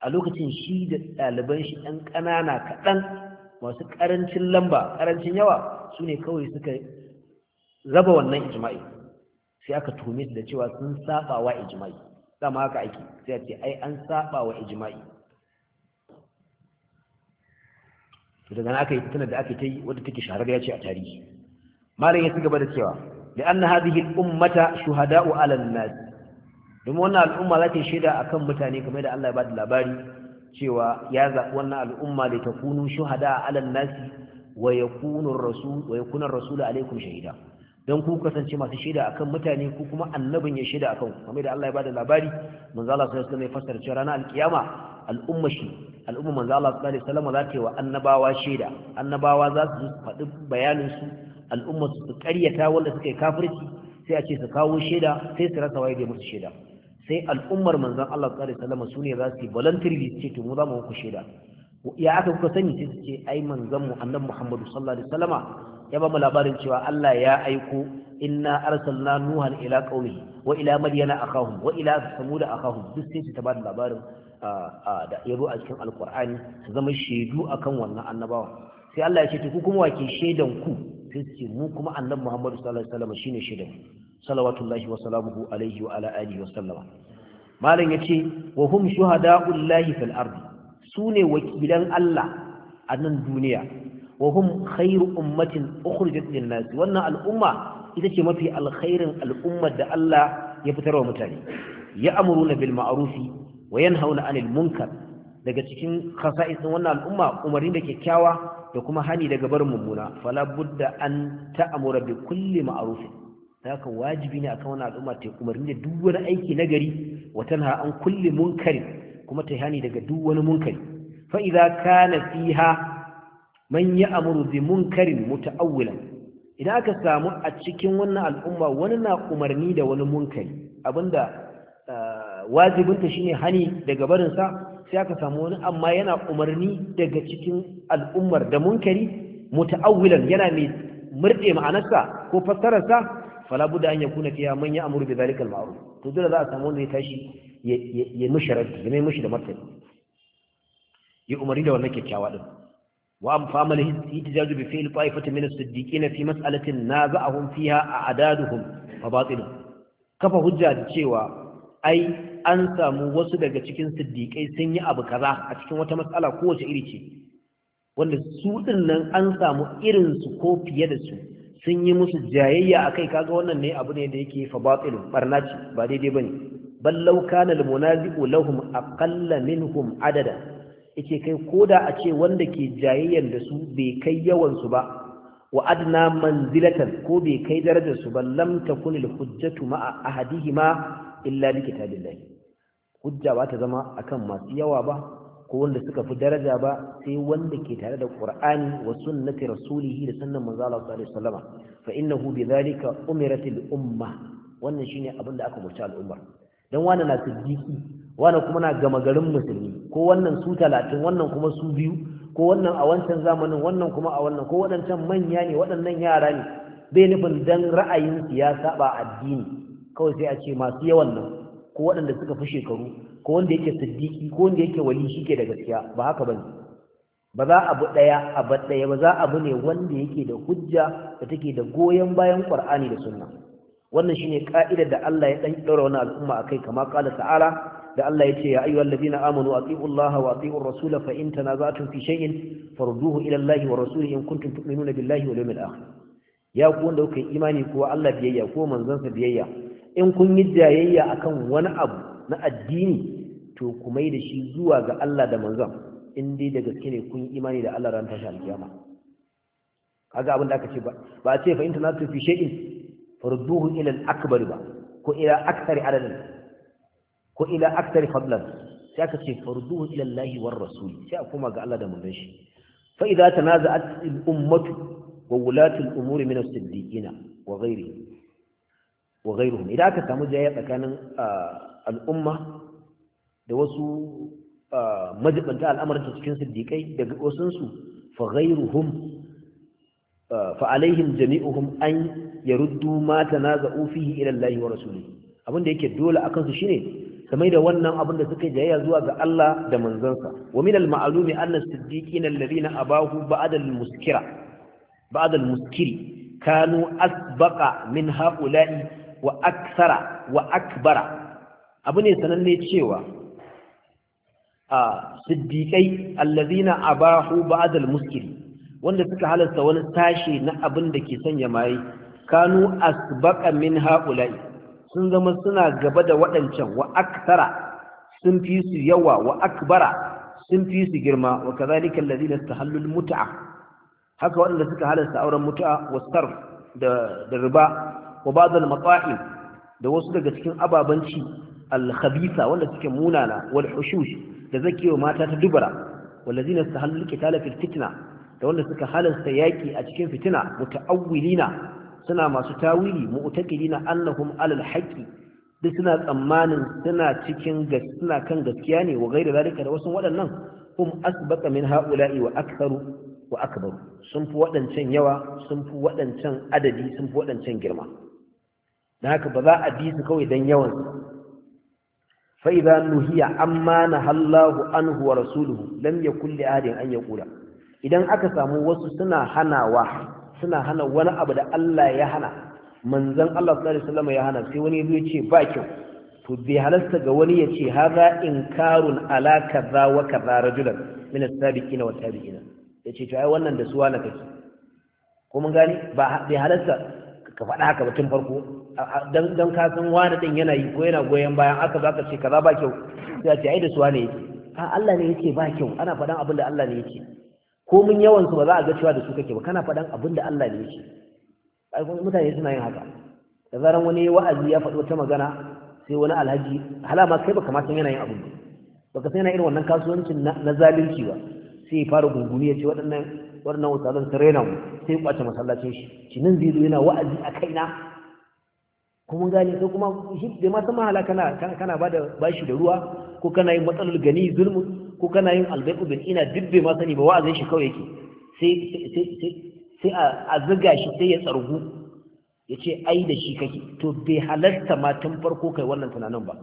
a lokacin shi da ɗaliban shi ɗan ƙanana kaɗan masu ƙarancin lamba ƙarancin yawa su ne kawai suka raba wannan ijma'i sai aka tuhume da cewa sun saba wa ijma'i dama haka ake sai a ce ai an saba wa ijma'i to daga nan aka yi fitinar da aka yi wadda take ya ce a tarihi malam ya ci gaba da cewa da anna hadhihi al-ummata shuhada'u 'ala an-nas domin wannan al'umma za ta shaida akan mutane kamar da Allah ya bada labari cewa ya zaɓi wannan al'umma da ta kunu shuhada 'ala an-nas wa yakunu ar-rasul wa yakunu ar-rasul alaikum shahida don ku kasance masu shaida akan mutane ku kuma annabin ya shaida akan kamar da Allah ya bada labari manzo Allah sallallahu alaihi wasallam ya fassara cewa ranar alkiyama al'umma shi al'umma manzo Allah sallallahu alaihi wasallam za ta yi wa annabawa shaida annabawa za su faɗi bayanin su al'umma su ƙaryata wanda suka yi kafirci sai a ce su kawo shaida sai su rasa waye da musu shaida sai al'ummar manzon Allah sallallahu alaihi wasallam su ne za su yi voluntarily su ce to mu za mu muku shaida ya aka kuka sani sai su ce ai manzon mu annabi Muhammadu sallallahu alaihi wasallama ya ba mu labarin cewa Allah ya aiko inna arsalna nuhan ila qaumihi wa ila madyana akahum wa ila samud akahum duk sai su ta bada labarin da yabo a cikin alqur'ani su zama shaidu akan wannan annabawa sai Allah ya ce ku kuma wake shaidan ku sai su ce mu kuma annabi Muhammadu sallallahu alaihi wasallam shine shaidan salawatullahi wa salamuhu alaihi wa ala alihi wa sallama malam yace wa hum shuhada'ullahi fil ardi sune wakilan Allah a nan duniya wa hum khairu ummatin ukhrijat lin nas wannan al'umma ita ce mafi alkhairin al'ummar da Allah ya fitar wa mutane ya amuruna bil ma'rufi wa yanhauna 'anil munkar daga cikin khasa'is din wannan al'umma umarni da kyakkyawa da kuma hani daga barin mummuna fala budda an ta'amura bi kulli ma'rufin haka wajibi ne akan wannan al'umma ta umarni da duk wani aiki nagari wa tanha an kulli munkari kuma ta hani daga duk wani munkari fa idza kana fiha man ya amuru bi munkarin muta'awwilan idan aka samu a cikin wannan al'umma wani na umarni da wani munkari abinda eh, wajibinta shine hani daga barin sa sai aka samu wani amma yana umarni daga cikin al'ummar da munkari muta'awwilan yana mai murde ma'anarsa ko fassararsa fala budda an yakuna fiya man ya amuru bi zalikal ma'ruf to dole za a samu wanda ya tashi ya mishi ya mai da martani ya umarni da wannan kyakkyawa din وأنفام الاحتجاج بفعل طائفة من الصديقين في a نازعهم فيها أعدادهم فباطل Kafa هجة cewa ai an samu wasu daga cikin siddiƙai sun yi abu kaza a cikin wata matsala kowace iri ce wanda su din nan an samu irin su ko fiye da su sun yi musu jayayya akai kaga wannan ne abu ne da yake fa batil barna ce ba daidai bane ballau na al munazi'u a aqalla minhum adada yace kai koda a ce wanda ke jayayyar da su bai kai yawan su ba wa adna manzilatan ko bai kai darajar su ba lam takun al hujjatu ma ahadihima illa bi kitabillah hujja ba ta zama akan masu yawa ba ko wanda suka fi daraja ba sai wanda ke tare da qur'ani wa sunnati rasulihi da sunnan manzo Allah sallallahu alaihi wasallam fa innahu bi dhalika umirat umma wannan shine abin da aka murta al'ummar dan wani na siddiqi wani kuma na gama garin musulmi ko wannan su talatin wannan kuma su biyu ko wannan a wancan zamanin wannan kuma a wannan ko waɗancan manya ne waɗannan yara ne bai nufin dan ra'ayin siyasa ba addini kawai sai a ce masu yawan nan ko waɗanda suka fi shekaru ko wanda yake siddiqi ko wanda yake wali shike da gaskiya ba haka bane ba za abu daya abu daya ba za abu ne wanda yake da hujja da take da goyen bayan Qur'ani da Sunna wannan shine ka'idar da Allah ya dan daura wannan al'umma akai kama qala ta'ala da Allah yace ya ayyuhal ladina amanu atiullaha wa atiur rasula fa in tanaza'tum fi shay'in farduhu ila Allahi wa rasulihi in kuntum tu'minuna billahi wal yawmil akhir ya ku wanda kuka imani ko Allah biyayya ko manzansa biyayya in kun yi jayayya akan wani abu na addini to ku mai da shi zuwa ga Allah da manzon in dai da gaske ne kun yi imani da Allah ran tashi alkiyama kaga abin da aka ce ba ba a ce fa in tanaza'tum fi shay'in rudduhu ila al-akbar ba ko ila akthari adadin ko ila akthari fadlan sai aka ce farduhu ila Allah war rasul sai a kuma ga Allah da manzon shi fa idza tanaza'at al-ummatu wa wulatu al-umuri min as-siddiqina wa ghairihi wa ghairuhum idan aka samu jayya tsakanin al'umma da wasu majibanta al'amarin cikin siddiqai daga wasun su fa ghairuhum fa alaihim jami'uhum an ya ruddu ma na fihi ila Allah wa rasuli abin da yake dole akan su shine game da wannan abin da suka jayayya zuwa ga Allah da manzansa wa min al-ma'lumi anna as-siddiqina alladhina abahu ba'da muskira muskiri kanu asbaqa min ha'ula'i wa akthara wa akbara abu ne sananne cewa a siddiqai alladhina abahu ba'da muskiri wanda suka halarta wani tashi na abin da ke sanya maye kanu asbaqa min haula'i sun zama suna gaba da waɗancan wa aktara sun fi su yawa wa akbara sun fi su girma wa kazalika allazina istahallu almut'a haka waɗanda suka halasta auren mutu'a wa sarf da da riba wa ba'd almata'im da wasu daga cikin ababanci alkhabisa wanda suke munana wal hushush da wa mata ta dubara wallazina istahallu alqitala fil fitna da wanda suka halasta yaki a cikin fitina muta'awwilina suna masu tawili mu'taqidina annahum alal haqqi duk suna tsammanin suna cikin suna kan gaskiya ne wa gaira zalika da wasu waɗannan hum asbaqa min haula'i wa aktharu wa sun fi waɗancan yawa sun fi waɗancan adadi sun fi waɗancan girma da haka ba za a bi su kawai don yawan fa idza nuhiya amma nahallahu anhu wa rasuluhu lam yakul li ahadin an yaqula idan aka samu wasu suna hanawa suna hana wani abu da Allah ya hana manzon Allah sallallahu alaihi wasallam ya hana sai wani ya ce ba kyau to bai halasta ga wani ya ce haza inkarun ala kaza wa kaza rajulan min as sabiqin wa ya ce to ai wannan da suwa na kake ko mun gane ba bai halasta ka faɗa haka ba tun farko dan dan ka san wani din yana yi ko yana goyen bayan aka zaka ce kaza ba kyau sai ya ce ai da suwa ne yake a Allah ne yake ba kyau ana faɗan abin da Allah ne yake ko mun yawan su ba za a ga cewa da su kake ba kana faɗan abin da Allah ne yake ai mutane suna yin haka da zaran wani wa'azi ya faɗo ta magana sai wani alhaji halama kai ba kamata yana yin abin ba baka san yana irin wannan kasuwancin na zalunci ba sai ya fara gunguni ya ce waɗannan waɗannan wasalan ta raina mu sai ya kwace masallacin shi shi nan zai zo yana wa'azi a kaina Ko mun gane sai kuma shi da ma san mahala kana kana bada bashi da ruwa ko kana yin matsalar gani zulmun ko kana yin albayu bin ina dubbe ma sani ba wa'azin shi kawai yake sai a zuga shi sai ya tsargu ya ce ai da shi kake to bai halarta ma tun farko kai wannan tunanin ba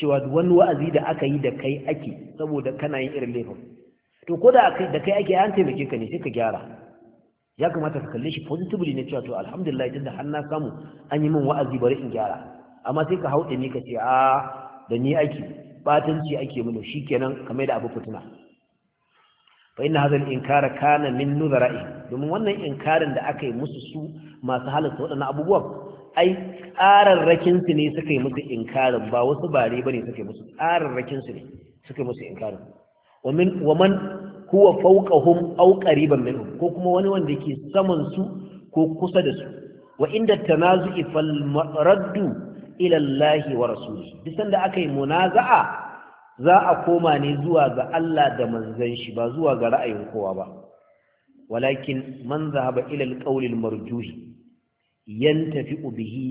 cewa wani wa'azi da aka yi da kai ake saboda kana yin irin laifin to ko da da kai ake an taimake ka ne sai ka gyara ya kamata ka kalle shi positively ne cewa to alhamdulillah tunda har na samu an yi min wa'azi bari in gyara amma sai ka hauɗe ni ka ce a da ni aiki batanci ake mana shikenan kamar da abu fitina fa inna hadha al-inkara kana min nuzara'i domin wannan inkarin da aka yi musu su masu halatta waɗannan abubuwan ai tsararrakin su ne suka yi musu inkarin ba wasu bare bane suka yi musu tsararrakin su ne suka yi musu inkarin wa min wa man huwa fawqahum aw qariban minhum ko kuma wani wanda yake saman su ko kusa da su wa inda tanazu'i fal raddu ilallahi wa rasuli duk sanda aka yi munaza'a za a koma ne zuwa ga Allah da manzon shi ba zuwa ga ra'ayin kowa ba walakin man zahaba ila alqawli almarjuhi yantafi bihi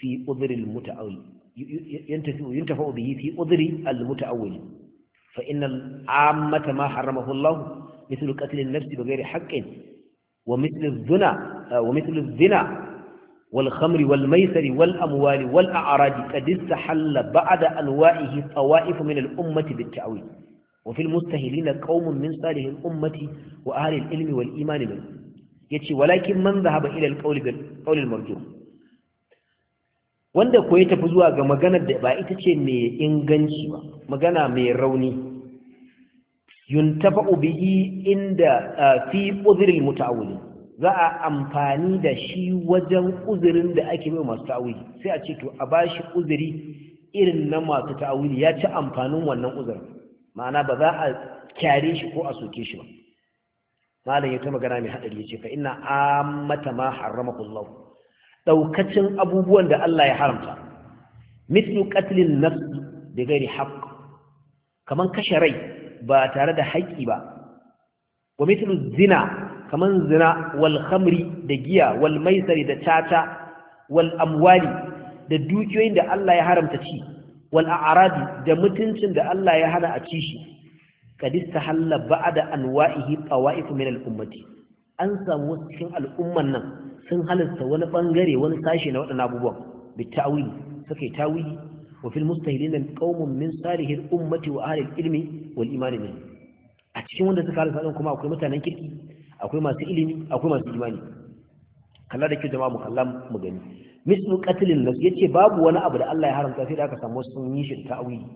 fi udhri almutaawil yantafi yantafi bihi fi udhri almutaawil fa inna al'ammata ma haramahu Allah مثل قتل النفس بغير حق ومثل الزنا ومثل الزنا wal khamri wal maisari wal amwali wal a'radi qad istahalla ba'da anwa'ihi tawa'if min al ummati bit ta'wil wa mustahilina qaumun min salih ummati wa ahli ilmi wal iman min yace walakin man dhahaba ila al qawl bil wanda ko ya tafi zuwa ga magana da ba ita ce mai inganci ba magana mai rauni yuntafa'u bihi inda ah, fi uzril muta'awwilin za a amfani da shi wajen uzurin da ake mai masu ta'awili sai a ce to a ba shi uzuri irin na masu ta'awili ya ci amfanin wannan uzurin ma'ana ba za a kyare shi ko a soke shi ba malam ya ta magana mai haɗari ya ce fa ina ammata ma harrama kullahu ɗaukacin abubuwan da Allah ya haramta mislu qatlin nafs bi ghairi haqq kaman kashe rai ba tare da haƙƙi ba wa mislu zina kaman zina wal khamri da giya wal maisari da caca wal amwali da dukiyoyin da Allah ya haramta ci wal a'radi da mutuncin da Allah ya hana a ci shi kad halla ba'da anwa'ihi tawa'if min al ummati an samu cikin al'umman nan sun halasta wani bangare wani sashi na waɗannan abubuwan bi ta'wili suka tawili wa fil mustahilina qaumun min salihil ummati wa ahli al ilmi wal iman bihi a cikin wanda suka halasta kuma akwai mutanen kirki akwai masu ilimi akwai masu imani kalla da kyau jama'a mu kalla mu gani mislu qatlin nas yace babu wani abu da Allah ya haramta sai da aka samu sun yi shi ta'awili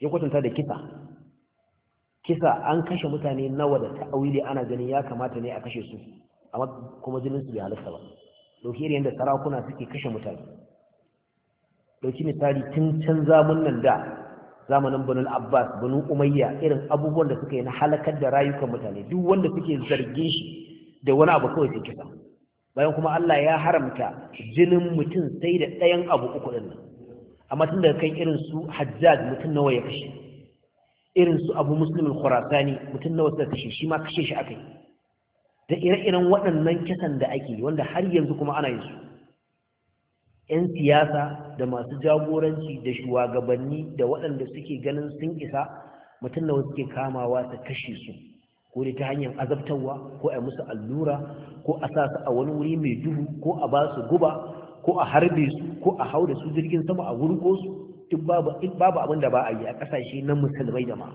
ya kwatanta da kisa kisa an kashe mutane nawa da ta'awili ana ganin ya kamata ne a kashe su amma kuma jinin su bai halasta ba dauki yadda sarakuna suke kashe mutane dauki misali tun can zamun nan da zamanin banu abbas banu umayya irin abubuwan da suka yi na halakar da rayukan mutane duk wanda suke zargin shi da wani abu kawai sai kisa bayan kuma Allah ya haramta jinin mutum sai da ɗayan abu uku ɗin nan amma tun daga kan irin su hajjaj mutum nawa ya kashe irin su abu muslimin khurasani mutum nawa suka kashe shi ma kashe shi akai da ire-iren waɗannan kisan da ake wanda har yanzu kuma ana yin su 'yan siyasa da masu jagoranci da shugabanni da waɗanda suke ganin sun isa mutum nawa suke kamawa ta kashe su ko da ta hanyar azabtarwa ko a musu allura ko a sa su a wani wuri mai duhu ko a ba su guba ko a harbe su ko a hau da su jirgin sama a wurko su duk babu abin da ba a yi a kasashe na musulmai da ma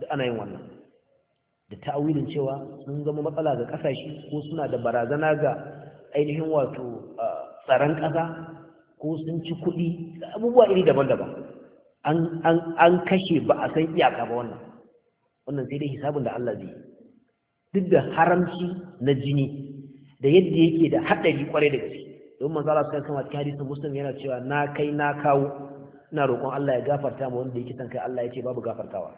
da ana yin wannan da ta'awilin cewa sun zama matsala ga ƙasashe ko suna da barazana ga ainihin wato tsaron ƙasa ko sun ci kuɗi abubuwa iri daban-daban an kashe ba a san iyaka ba wannan wannan sai dai hisabun da Allah zai duk da haramci na jini da yadda yake da haɗari kwarai da gaske don manzo Allah sai kuma wasallam hadisin musulmi yana cewa na kai na kawo ina roƙon Allah ya gafarta ma wanda yake san kai Allah ya ce babu gafartawa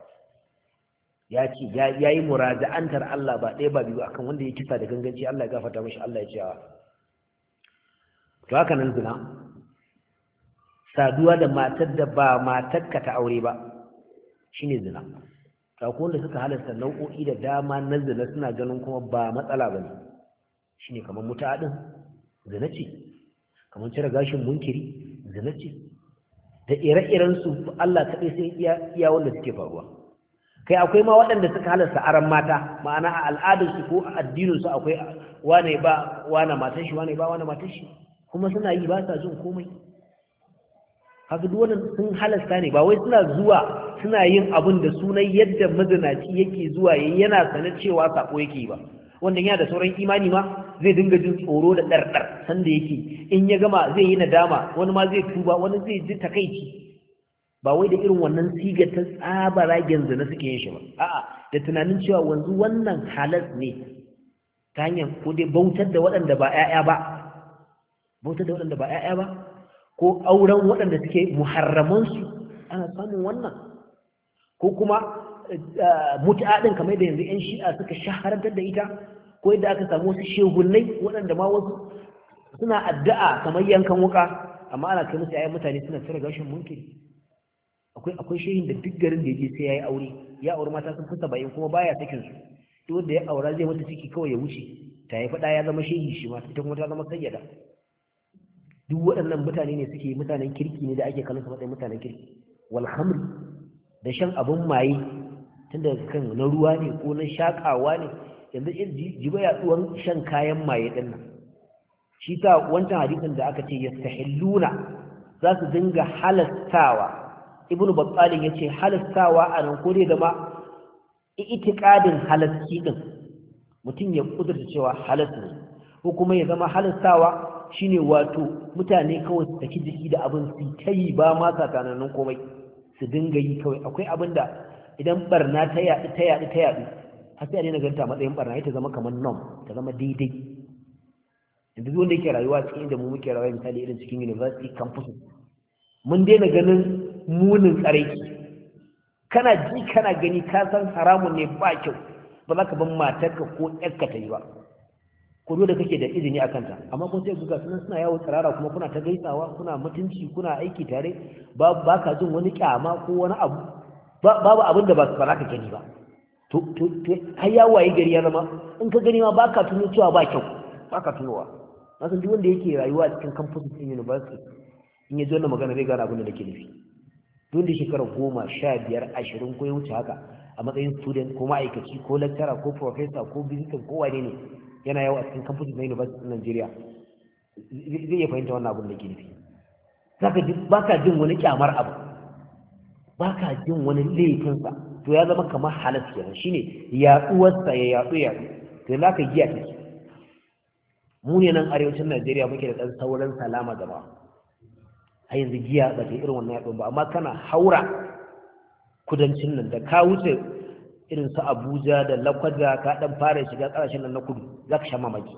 ya ce ya yi muraja'antar Allah ba ɗaya ba biyu akan wanda ya kisa da ganganci Allah ya gafarta mashi Allah ya ce to haka nan zina saduwa da matar da ba matarka ta aure ba shi ne zina to ko wanda suka halasta nau'o'i da dama na zina suna ganin kuma ba matsala ba ne. Shi ne kamar muta ɗin zina ce kamar cire gashin munkiri zina ce da ire irensu Allah kaɗai sai iya wanda suke faruwa kai akwai ma waɗanda suka halasta aran mata ma'ana a al'adarsu ko a addininsu akwai wane ba wane matashi wane ba wane matashi kuma suna yi ba sa jin komai haka duk wannan sun halasta ne ba wai suna zuwa suna yin abin da sunan yadda mazinaci yake zuwa yayi yana sana cewa sako yake ba wannan yana da sauran imani ma zai dinga jin tsoro da ɗarɗar sanda yake in ya gama zai yi nadama wani ma zai tuba wani zai ji takaici ba wai da irin wannan siga ta tsabara ragen na suke yin shi ba a'a da tunanin cewa wanzu wannan halas ne ta hanyar ko dai bautar da waɗanda ba 'ya'ya ba bautar da waɗanda ba 'ya'ya ba ko auren waɗanda suke muharramansu ana samun wannan ko kuma eh, eh, mutu'aɗin kamar da yanzu 'yan shi'a suka shaharantar da ita ko yadda aka samu wasu shehunnai waɗanda ma wasu suna addu'a kamar yankan wuka amma ana kai musu 'ya'yan mutane suna cire gashin munkiri akwai akwai shehin da duk garin da yake sai ya yi aure ya aure mata sun fusa bayan kuma baya sakin su duk wanda ya aura zai mata ciki kawai ya wuce ta faɗa ya zama shehi shi ma ita kuma ta zama sayyada duk waɗannan mutane ne suke mutanen kirki ne da ake kallon su matsayin mutanen kirki wal da shan abun maye tunda kan na ruwa ne ko na shakawa ne yanzu in jiba yaduwan shan kayan maye din nan shi ta wancan hadisin da aka ce yastahilluna za su dinga halastawa ibnu battalin yace halastawa nan ko dai ma itikadin halasti din mutum ya kudurta cewa halas ne ko kuma ya zama halastawa shine wato mutane kawai su saki jiki da abin su ta yi ba ma sakananin komai su dinga yi kawai akwai abin da idan barna ta yaɗu ta yaɗu ta yaɗu har sai a daina ganta matsayin barna ita zama kamar nom ta zama daidai yanzu duk wanda yake rayuwa cikin inda mu muke rayuwa misali irin cikin university campus mun daina ganin munin tsaraiki kana ji kana gani ka san haramun ne ba kyau ba za ka ban matarka ko ƴarka ta yi ba ko dole kake da izini a kanta amma kun sai ga sunan suna yawo tsirara kuma kuna ta gaisawa kuna mutunci kuna aiki tare ba ka jin wani kyama ko wani abu babu abin da ba fara ka gani ba to har ya waye gari ya zama in ka gani ma ba ka tuno cewa ba kyau ba ka tunowa na san duk wanda yake rayuwa cikin campus din university in ya ji wannan magana zai gane abin da nake nufi duk da shekara goma sha biyar ashirin ko ya wuce haka a matsayin student ko ma'aikaci ko lecturer ko professor ko visitor ko wane ne yana yawo a cikin kamfusin na university Najeriya zai iya fahimta wannan abin da ke nufi zaka ji baka jin wani kyamar abu baka jin wani laifinsa to ya zama kamar halas kenan shine yaduwarsa ya yadu ya to za ka giya take mu ne nan arewacin Najeriya muke da dan sauran salama gaba A yanzu giya ba ta irin wannan yaduwar ba amma kana haura kudancin nan da ka wuce irin su abuja da lakwaja ka dan fara shiga ƙasashen nan na kudu za ka sha mamaki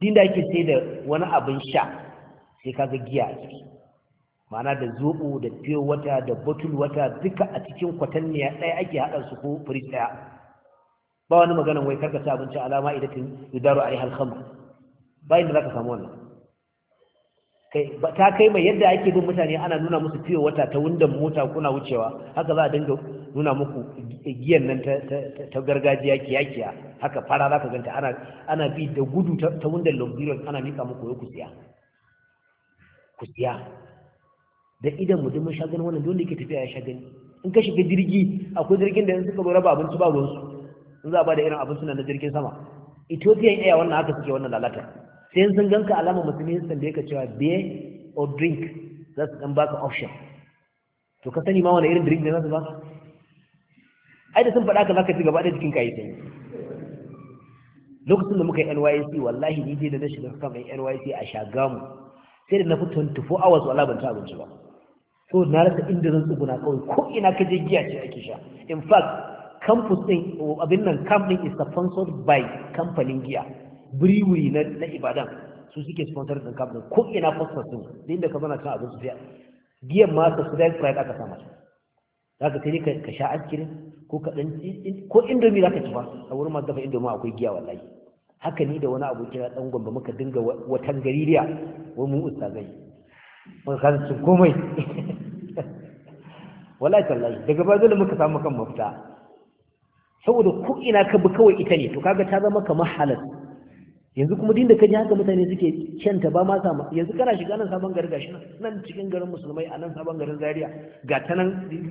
din da ake sai da wani abin sha sai ka ga giya a ciki ma'ana da zoɓo da fiyo wata da batul wata duka a cikin kwatanniya ɗaya ake haɗa su ko firij ɗaya ba wani maganan wai karkasa abinci alama idatin idaru a yi halkhamar bayan da za ka samu wannan ta kai mai yadda ake bin mutane ana nuna musu fiye wata ta wundan mota kuna wucewa haka za a dinga nuna muku giyan nan ta gargajiya kiyakiya haka fara za ka ganta ana bi da gudu ta wundan longirion ana mika muku ya kusiya kusiya da idan mu mun shagani wannan dole ke tafiya ya shagani in ka shiga jirgi akwai jirgin da suka lura ba abinci ba ruwansu in za a ba da irin abincin na jirgin sama ethiopian air wannan haka suke wannan lalata sai sun ganka alama musulmi sun da yake cewa beer or drink za su dan baka option to ka sani ma wani irin drink ne za su ba ai da sun faɗa ka zaka ci gaba da jikin ka yi sai lokacin da muka yi NYC wallahi ni dai da na shiga kan NYC a Shagamu sai da na fi 24 hours wala ban ci abinci ba to na rasa inda zan tsuguna kawai ko ina ka je giya ce ake sha in fact campus din abin nan camp din is sponsored by kamfanin giya buriwuri na ibadan su suke sponsor din kamar ko ina din din da inda ka bana cin abin sai giyan ma ka su dai fried aka sama za ka kai ka sha askirin ko ka dan ko indomi za ka ci ba a wurin masu dafa indomi akwai giya wallahi haka ni da wani abu kira dan gombe muka dinga watan gaririya wai mu ustazai mun san su komai wallahi tallahi daga ba dole muka samu kan mafita saboda ko ina ka bi kawai ita ne to kaga ta zama kamar halal yanzu kuma din da kaji haka mutane suke kyanta ba ma samu yanzu kana shiga nan sabon gari gashi nan cikin garin musulmai a nan sabon garin zaria ga ta nan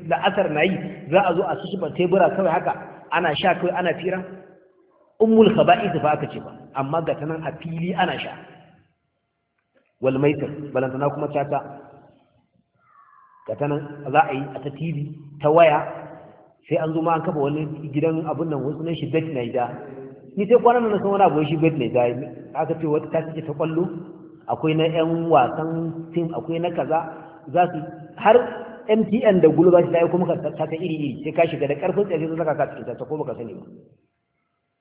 la'asar na yi za a zo a shiba tebura kawai haka ana sha kawai ana fira ummul khaba'is fa aka ce ba amma ga ta nan a fili ana sha wal maitar balantana kuma tata ga ta nan za a yi a ta tv ta waya sai an zo ma an kafa wani gidan abun nan wasu nan shi na ni sai kwanan nan san wani abu shi bet ne dai aka ce wata ce ta kwallo akwai na yan wasan tim akwai na kaza za su har MTN da Gulu za su dai kuma ka ta iri iri sai ka shiga da karfin tsaye sai ka ka cikin ta ko baka sani ba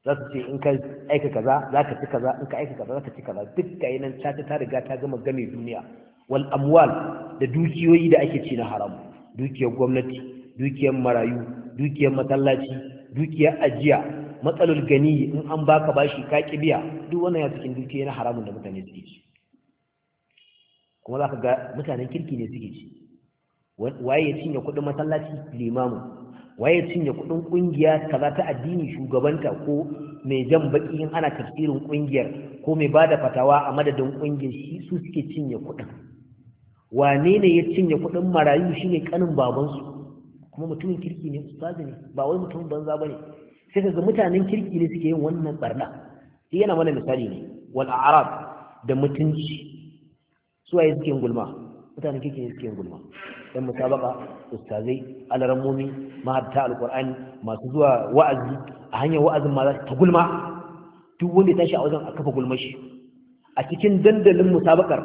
za su ce in ka aika kaza za ka ci kaza in ka aika kaza za ka ci kaza duk ka yi nan ta ta riga ta gama game duniya wal amwal da dukiyoyi da ake ci na haram dukiyar gwamnati dukiyar marayu dukiyar masallaci dukiyar ajiya matsalul gani in an baka bashi ka ki biya duk wannan ya cikin dukiya na haramun da mutane suke ci kuma za ka ga mutanen kirki ne suke ci waye ya cinye kuɗin masallaci limamu waye ya cinye kuɗin ƙungiya kaza ta addini shugabanta ko mai jan baki in ana tafsirin ƙungiyar ko mai bada fatawa a madadin ƙungiyar shi su suke cinye kuɗin wane ne ya cinye kuɗin marayu shine kanin babansu kuma mutumin kirki ne ustazi ne ba wai mutumin banza bane sai ga mutanen kirki ne suke yin wannan barna shi yana mana misali ne wal a'rab da mutunci su waye suke yin gulma mutanen kirki ne suke yin gulma dan musabaka ustazai alarammomi mahabta, alqur'ani masu zuwa wa'azi a hanyar wa'azin ma za ta gulma duk wanda ya tashi a wajen a kafa gulma shi a cikin dandalin musabakar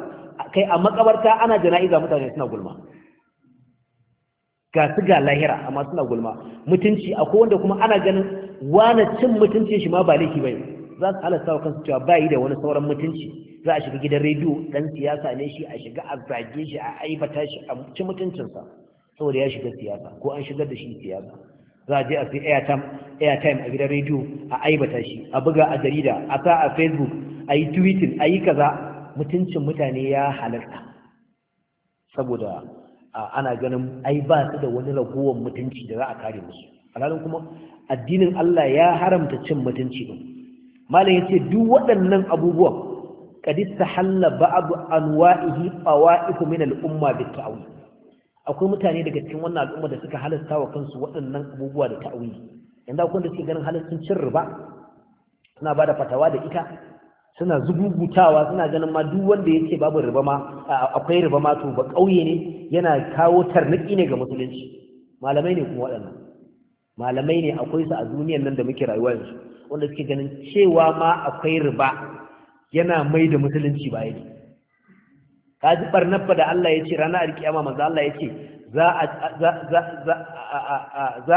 kai a makabarta ana jana'iza mutane suna gulma ga su ga lahira amma suna gulma mutunci akwai wanda kuma ana ganin wane cin mutuncin shi ma ba laifi bane za su halasta wa kansu cewa bayi da wani sauran mutunci za a shiga gidan rediyo dan siyasa ne shi a shiga a zage shi a aibata shi a ci mutuncinsa saboda ya shiga siyasa ko an shigar da shi siyasa za a je a sai airtime a gidan rediyo a aibata shi a buga a jarida a sa a facebook a yi tweeting a yi kaza mutuncin mutane ya halarta saboda ana ganin ai ba su da wani ragowar mutunci da za a kare musu alhalin kuma addinin Allah ya haramta cin mutunci ba malam ce duk waɗannan abubuwan qad istahalla ba'd anwa'ihi qawa'if min al-umma bit akwai mutane daga cikin wannan al'umma da suka halasta wa kansu waɗannan abubuwa da ta'awi Yanda akwai da suke ganin halastin cin riba suna bada fatawa da ita suna zugugutawa suna ganin ma duk wanda ya ce babu riba ma akwai riba ma to ba ƙauye ne yana kawo tarniki ne ga musulunci malamai ne kuma waɗannan malamai ne akwai su a duniyan nan da muke rayuwa yanzu wanda suke ganin cewa ma akwai riba yana mai da musulunci baya ne ka ji barnabba da Allah ya ce ranar alkiyama manzo Allah ya ce za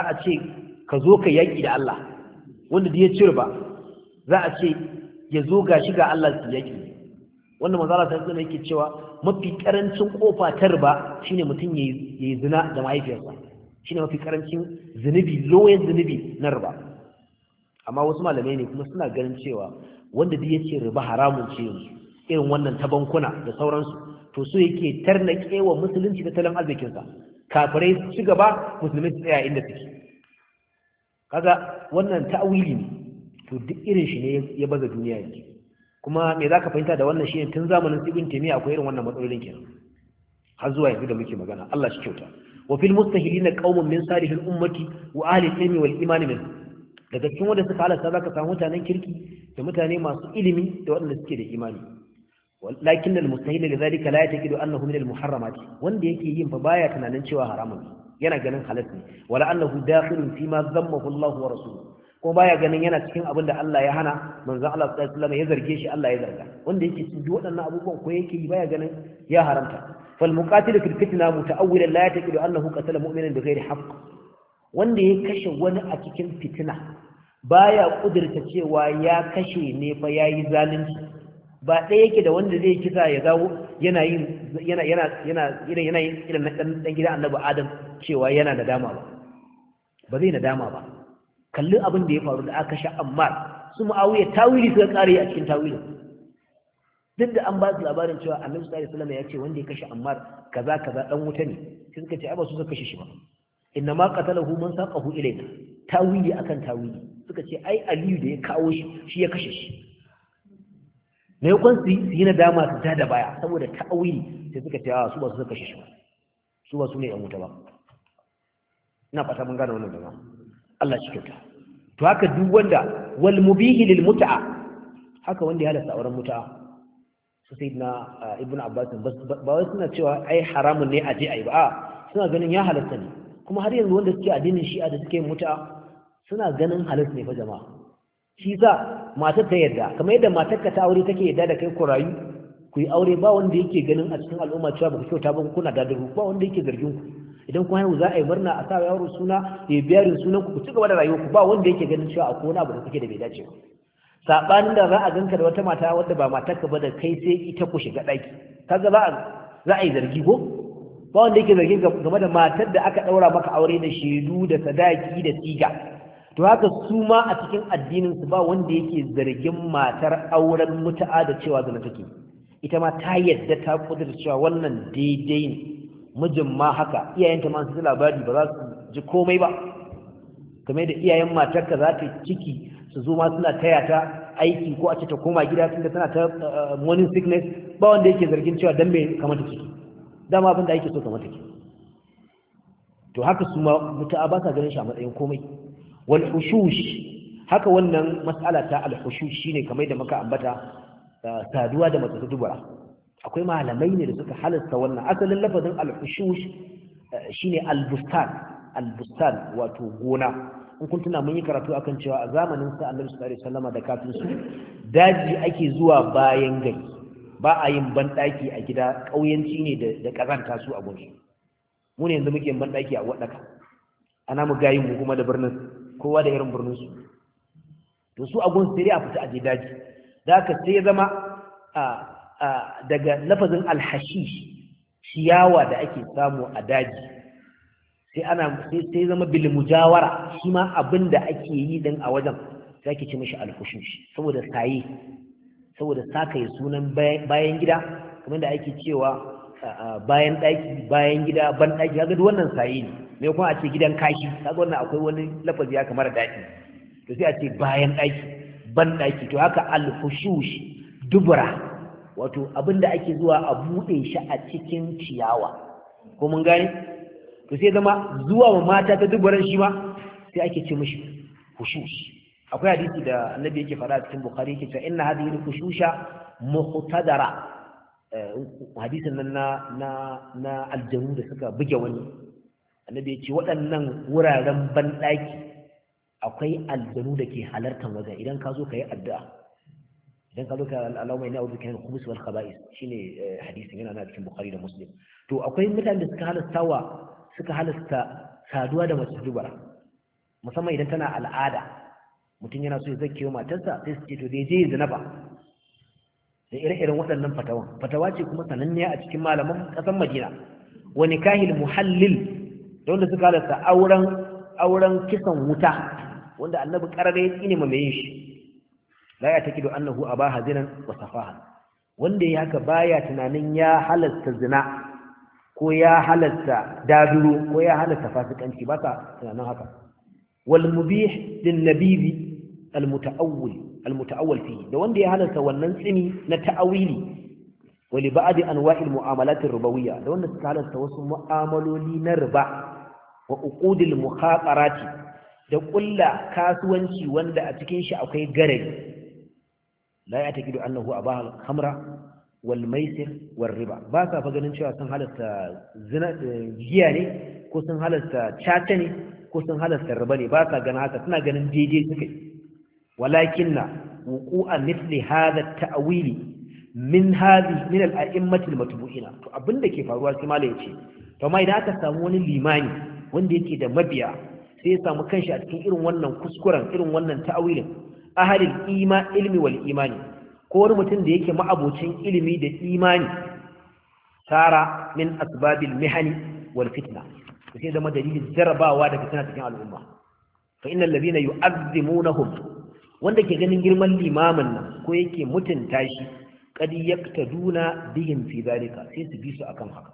a ce ka zo ka yaki da Allah wanda da ya ci riba za a ce ya zo gashi ga Allah su yaki wanda manzo Allah sai yake cewa mafi karancin ƙofa ta riba shine mutum yayi zina da mahaifiyarsa shine mafi karancin zunubi lowest zunubi na riba amma wasu malamai ne kuma suna ganin cewa wanda duk yace riba haramun ce yanzu irin wannan ta bankuna da sauransu to so yake tarnake wa musulunci da talan arzikin sa kafirai su ci gaba musulmi su tsaya inda suke kaga wannan ta'awili ne to duk irin shi ne ya baza duniya yake. kuma me za ka fahimta da wannan shi ne tun zamanin tsibin temiya akwai irin wannan matsalolin kenan har zuwa yanzu da muke magana Allah shi kyauta wa fil mustahilina qaumun min salihil ummati wa ahli ilmi daga cikin wanda suka halasta zaka samu mutanen kirki da mutane masu ilimi da waɗanda suke da imani lakin al mustahil li zalika la yataqidu annahu min al muharramat wanda yake yin fa baya tunanin cewa haramun yana ganin halal ne wala annahu dakhilun fi ma zammahu Allah wa rasuluhu ko baya ganin yana cikin abin da Allah ya hana manzo Allah sallallahu alaihi wasallam ya zarge shi Allah ya zarga wanda yake cikin waɗannan abubuwan ko yake yi baya ganin ya haramta فالمقاتل في الفتنة متأولا لا يعتقد أنه قتل مؤمنا بغير حق wanda ya kashe wani a cikin fitina baya kudurta cewa ya kashe ne fa yayi zalunci ba ɗaya yake da wanda zai kisa ya zawo yana yin yana yana yana irin yana yin irin na dan dan Annabi Adam cewa yana nadama ba ba zai ba abin da ya faru da aka kashe Ammar su Muawiya tawili suka kare a cikin tawilin duk da an ba su labarin cewa annabi sallallahu alaihi wasallam ya ce wanda ya kashe ammar kaza kaza dan wuta ne sai suka ce ai ba su suka kashe shi ba inna ma qatalahu man saqahu ilayka tawili akan tawili suka ce ai aliyu da ya kawo shi shi ya kashe shi ne kun su yi na dama su ja da baya saboda tawili sai suka ce a su ba su suka kashe shi ba su ba su ne yan wuta ba ina fata mun gane wannan dama Allah shi kyauta to haka duk wanda wal mubihi lil mut'a haka wanda ya halasta auren mut'a su sai na ibn abbas ba wai suna cewa ai haramun ne a je ai ba suna ganin ya halatta ne kuma har yanzu wanda suke addinin shi'a da suke muta suna ganin halatta ne fa jama'a shi sa matar ta yarda kamar yadda matar ka ta aure take yarda da kai ku rayu ku yi aure ba wanda yake ganin a cikin al'umma cewa ba ku kyauta ba kuna gadaru ba wanda yake zargin ku idan ku haihu za a yi murna a sa yaro suna ya biya sunan ku ku ci gaba da rayuwa ku ba wanda yake ganin cewa akwai wani abu da kuke da bai dace ba saɓanin da za a ganka da wata mata wadda ba matarka ba da kai sai ita ku shiga ɗaki. kaga za a za a yi zargi ko ba wanda yake zargin game da matar da aka ɗaura maka aure da shaidu da sadaki da tiga to haka su ma a cikin addinin su ba wanda yake zargin matar auren mutu'a da cewa zana take ita ma ta yadda ta kudurta cewa wannan daidai ne mijin ma haka iyayenta ma su labari ba za su ji komai ba kamar da iyayen matarka za ta ciki su zo ma suna taya ta aiki ko a ce ta koma gida tunda tana ta eh, morning sickness ba wanda yake zargin cewa dan me kamata ciki dama abin da ake so kamata ciki to haka su ma mutu'a ganin shi a matsayin komai wal hushush haka wannan mas'ala ta al hushush shine kamar da muka ambata eh, saduwa da mace ta dubura akwai malamai ne da suka halasta wannan asalin lafazin al hushush eh, shine al bustan al bustan wato gona in kun tuna mun yi karatu akan cewa a zamanin sa Annabi sallallahu alaihi wasallam da kafin su daji ake zuwa bayan gari ba a yin daki a gida kauyanci ne da da kazanta su a gunshi mu ne yanzu muke daki a wadaka ana mu gayin mu kuma da birnin kowa da irin birnin su to su a gun sai a fita a je daji da haka sai ya zama daga lafazin alhashish ciyawa da ake samu a daji sai ana sai zama bil mujawara shi ma abin da ake yi dan a wajen sai ake ce mishi shi. saboda saye saboda saka ya sunan bayan gida kamar da ake cewa bayan daki bayan gida ban daki kaga duk wannan saye ne me kuma a ce gidan kashi kaga wannan akwai wani lafazi ya kamar daki to sai a ce bayan daki ban daki to haka alkushush dubura wato abinda ake zuwa a bude shi a cikin ciyawa ko mun gane to sai zama zuwa wa mata ta dubaran shi ma sai ake ce mishi hushush akwai hadisi da annabi yake faɗa a cikin bukhari yake cewa inna hadhihi al-hushusha muqtadara eh, hadisin nan na na na aljanu da suka buge wani annabi yace waɗannan wuraren banɗaki akwai aljanu da ke halartar waje, idan ka zo ka yi addu'a idan ka zo ka Allahumma inna a'udhu bika min al-khubuthi wal khaba'ith shine eh, hadisin yana na cikin bukhari da muslim to akwai mutane da suka wa. suka halasta saduwa da mace dubara musamman idan tana al'ada mutum yana so ya zake wa matarsa sai su ce to dai je da ire-iren waɗannan fatawan fatawa ce kuma sananniya a cikin malaman ƙasar madina wani kahil muhallil da wanda suka halasta auren auren kisan wuta wanda annabi ƙarare ya tsine ma mai shi la ya takidu annahu abaha zinan wa safaha wanda ya haka baya tunanin ya halasta zina ko ya halatta daduro ko ya halatta fasikanci ba ka tunanin haka wal din nabibi al mutaawwil fi da wanda ya halatta wannan tsini na ta'awili wa li ba'd anwa'i al ar rubawiyya da wanda suka halatta wasu mu'amaloli na riba wa uqud al mukhaqarati da kulla kasuwanci wanda a cikin shi akwai garai la ya taqidu annahu abaha al khamra wal walriba. wal ba ka fa ganin cewa sun halatta zina giya ne ko sun halatta caca ne ko sun halatta riba ne ba ka ganin haka suna ganin daidai suke walakinna wuqu'an mithli hada ta'wili min hadhi min al matbu'ina to abinda ke faruwa sai malai yace to mai da aka samu wani limani wanda yake da mabiya sai ya samu kanshi a cikin irin wannan kuskuren irin wannan ta'awilin ahalil ima ilmi wal imani ko wani mutum da yake ma'abocin ilimi da imani tara min asbabil mihani wal fitna sai zama dalilin jarabawa da fitina cikin al'umma fa innal ladina yu'azzimunahum wanda ke ganin girman limamin nan ko yake mutunta shi qad yaktaduna bihim fi zalika sai su bi su akan haka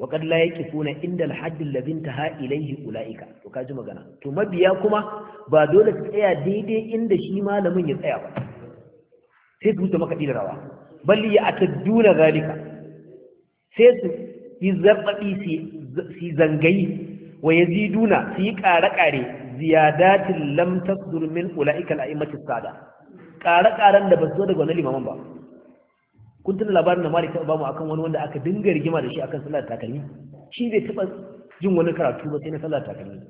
wa qad la yaqifuna inda al-hadd alladhi intaha ilayhi ulaika to kaji magana to mabiya kuma ba dole su tsaya daidai inda shi malamin ya tsaya ba sai su wuce makaɗi da rawa balli ya tadduna zalika sai su yi zarbabi su zangayi wa duna su yi ƙare-ƙare ziyadatin lamtar zurmin min a al'imati sada ƙare-ƙaren da ba su zo daga wani limaman ba kun tuna labarin da malik ta bamu akan wani wanda aka dinga rigima da shi akan sallar takalmi shi bai taɓa jin wani karatu ba sai na sallar takalmi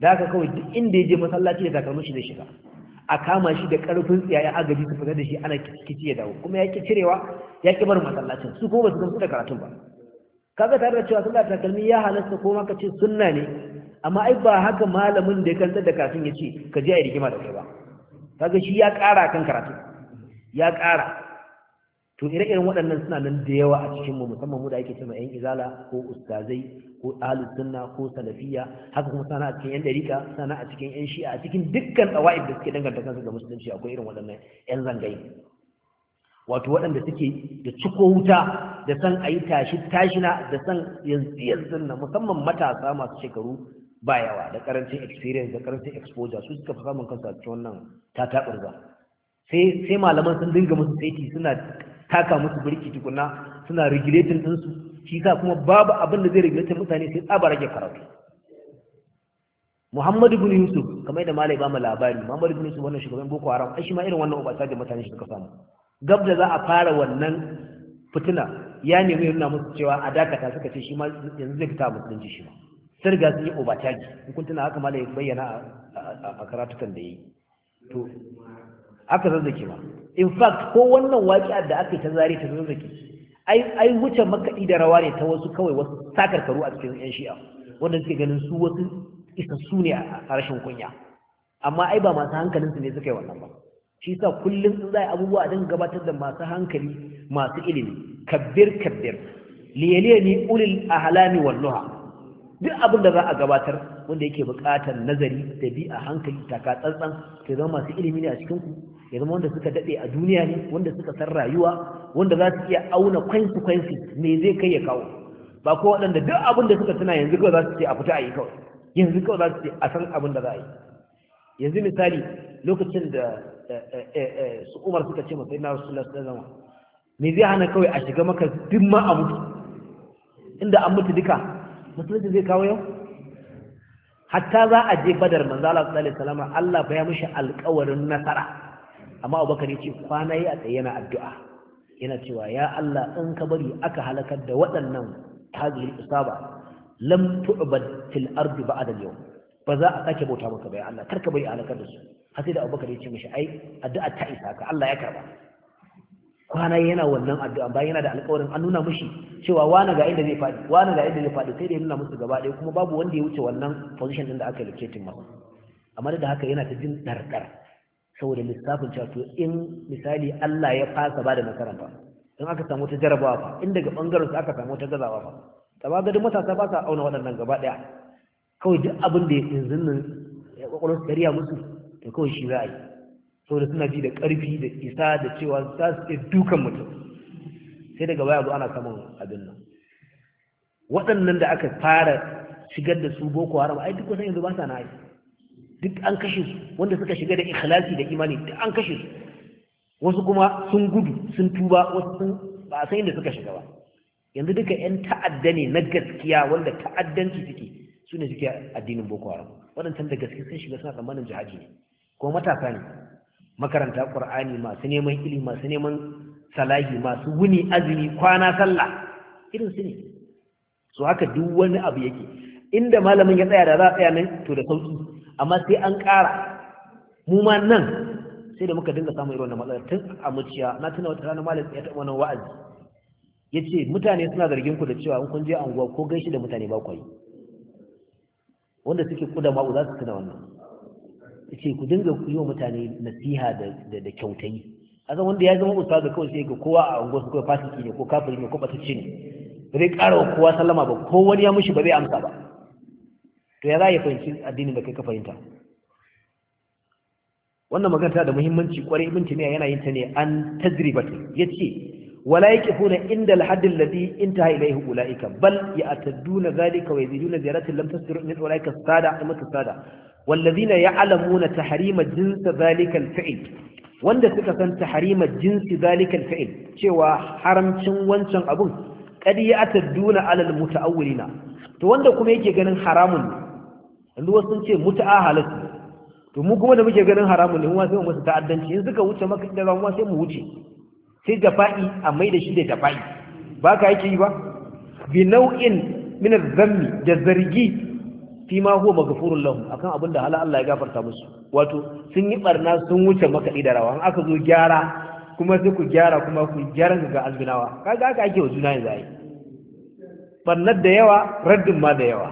da haka kawai duk inda ya je masallaci da takalmi shi zai shiga a kama shi da karfin tsiyayen agaji su fita da shi ana kici ya dawo kuma ya ki cirewa ya ki bar masallacin su kuma su gamsu da karatun ba kaga tare da cewa suna takalmi ya halasta ko maka ce sunna ne amma ai ba haka malamin da ya kantar da karatun ya ce ka je a yi rigima da kai ba kaga shi ya ƙara kan karatu ya ƙara to ire-iren waɗannan suna nan da yawa a cikinmu musamman mu da ake cewa yan izala ko ustazai ko ahlus sunna ko salafiyya haka kuma sana a cikin yan dariqa sana a cikin yan shi'a a cikin dukkan ɗawa'ib da suke danganta kansu ga musulunci akwai irin waɗannan yan zangayi wato waɗanda suke da ciko wuta da san ayi tashi tashina da san yanzu yanzu na musamman matasa masu shekaru ba yawa da karancin experience da karancin exposure su suka fi samun kansu a cikin wannan tataɓarza sai sai malaman sun dinga musu saiti suna taka musu birki tukuna suna regulating ɗinsu shi sa kuma babu abin da zai regulate mutane sai tsaba rage karatu Muhammad ibn Yusuf kamar da malai ba mu labari Muhammad ibn Yusuf wannan shugaban Boko Haram ai shi ma irin wannan ubata da mutane shi suka samu gab da za a fara wannan fitina ya nemi ya nuna musu cewa a dakata suka ce shi ma yanzu zai fita musulunci shi ma sun riga sun yi ubata ji in kun tuna haka malai bayyana a karatukan da yi to aka zazzake ma in fact ko wannan waƙi'ar da aka yi ta Zari ta zazzake ai ai wuce makaɗi da rawa ne ta wasu kawai wasu takarkaru a cikin yan shi'a wanda suke ganin su wasu isassu ne a rashin kunya amma ai ba masu hankalin su ne suka yi wannan ba shi sa kullum in za a abubuwa a dinga gabatar da masu hankali masu ilimi kabbir kabbir liyaliya ulil ahlami wal nuha duk abin da za a gabatar wanda yake buƙatar nazari da bi a hankali taka tsantsan ke zama masu ilimi ne a cikin ku ya zama wanda suka daɗe a duniya ne wanda suka san rayuwa wanda za su iya auna kwansu kwansu me zai kai ya kawo ba ko waɗanda duk abin da suka tuna yanzu kawai za su ce a fita a yi kawai yanzu kawai za su ce a san abin da za a yi yanzu misali lokacin da eh, eh, eh, su umar suka ce masai na rasulullah su zama me zai hana kawai a shiga maka duk ma a mutu inda an mutu duka musulunci zai kawo yau hatta za a je badar manzo Allah sallallahu alaihi wasallam Allah ba ya mishi alƙawarin nasara amma Abubakar yace kwana yi a tsaye yana addu'a yana cewa ya Allah in ka bari aka halakar da waɗannan hadhihi isaba lam tu'bad fil ardi ba'da al-yawm ba za a sake bauta maka ba ya Allah kar ka bari a halakar da su har sai da Abubakar yace mishi ai addu'a ta isa ka Allah ya karba kwana yana wannan addu'a bayan yana da alƙawarin an nuna mushi cewa wani ga inda zai fadi? wani ga inda zai faɗi sai dai nuna musu gaba ɗaya kuma babu wanda ya wuce wannan position ɗin da aka locating masa amma da haka yana ta jin ɗarɗar saboda lissafin cewa to in misali Allah ya fasa ba da nasara ba in aka samu ta jarabawa fa in daga ɓangaren su aka samu ta gazawa fa amma ga duk matasa ba sa auna waɗannan gaba ɗaya kawai duk abin da ya yanzu nan ya kwakwalwar kariya musu to kawai shi za a yi saboda suna ji da ƙarfi da isa da cewa za su iya dukan mutum sai daga baya zo ana samun abin nan waɗannan da aka fara shigar da su boko haram ai duk wasan yanzu ba sa na yi duk an kashe su wanda suka shiga da ikhlasi da imani duk an kashe su wasu kuma sun gudu sun tuba wasu sun ba san inda suka shiga ba yanzu duka yan ta'adda ne na gaskiya wanda ta'addanci suke su ne suke addinin boko haram waɗancan da gaske sun shiga suna tsammanin jihadi ne kuma matasa ne makaranta qur'ani masu neman ilimi masu neman salahi masu wuni azumi kwana sallah irin su ne so haka duk wani abu yake inda malamin ya tsaya da za a tsaya nan to da sauki amma sai an ƙara mu ma nan sai da muka dinga samun irin wannan matsalar tun a muciya na tuna wata rana malam ya taɓa wannan wa'azi ya ce mutane suna zargin ku da cewa in kun je anguwa ko gaishe da mutane ba ku yi wanda suke kuda ma'u za su tuna wannan yace ku dinga ku yi wa mutane nasiha da da kyautayi azan wanda ya zama ustaz kawai sai ga kowa a unguwar su kawai fasiki ne ko kafiri ne ko batacce ne bai ƙara kowa sallama ba ko wani ya mushi ba zai amsa ba to ya za ya fahimci addinin da kai ka fahimta wannan magana tana da muhimmanci ƙwarai ibn timiya yana yin ta ne an tajribatu yace wala yaqifuna inda al-hadd alladhi intaha ilayhi ulaika bal ya'taduna dhalika wa yaziduna ziyaratan lam tasir min ulaika sada amma sada والذين يعلمون تحريم جنس ذلك الفعل wanda suka san taharimar jinsi zalikal fi'il cewa haramcin wancan abun kad ya tadduna alal mutaawwilina to wanda kuma yake ganin haramun ne wasu sun ce muta'a halal to mu kuma da muke ganin haramun ne mu sai mu musu ta'addanci in suka wuce maka da mu sai mu wuce sai jafa'i a mai da shi da fa'i. Baka ka yake yi ba bi nau'in min az-zammi da zargi fi ma huwa maghfurun lahum akan abin da hala Allah ya gafarta musu wato sun yi barna sun wuce makaɗi da rawa aka zo gyara kuma sai ku gyara kuma ku gyaran ga albinawa kaga aka ake wa juna yanzu ai barnar da yawa raddin ma da yawa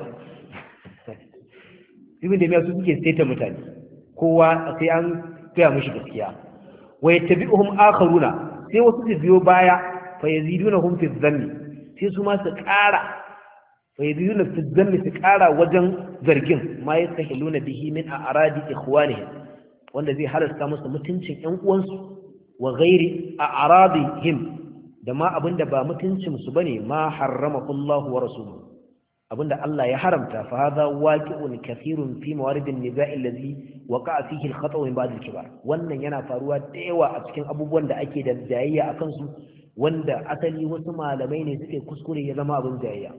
ibn da su suke saita mutane kowa sai an kaya mushi gaskiya wa yattabi'uhum akharuna sai wasu su biyo baya fa hum fi dhanni sai su ma su ƙara fa yaduna fi dhanbi su kara wajen zargin ma luna bihi min a'radi ikhwanihim wanda zai halasta musu mutuncin ƴan uwansu wa ghairi a'radihim da ma abinda ba mutuncin su bane ma harramahu Allah wa rasuluhu abinda Allah ya haramta fa hadha waqi'un kathirun fi mawarid an-niza'i allazi waqa'a fihi al-khata' min ba'd al-kibar wannan yana faruwa da yawa a cikin abubuwan da ake da jayayya akan su wanda asali wasu malamai ne suke kuskure ya zama abin jayayya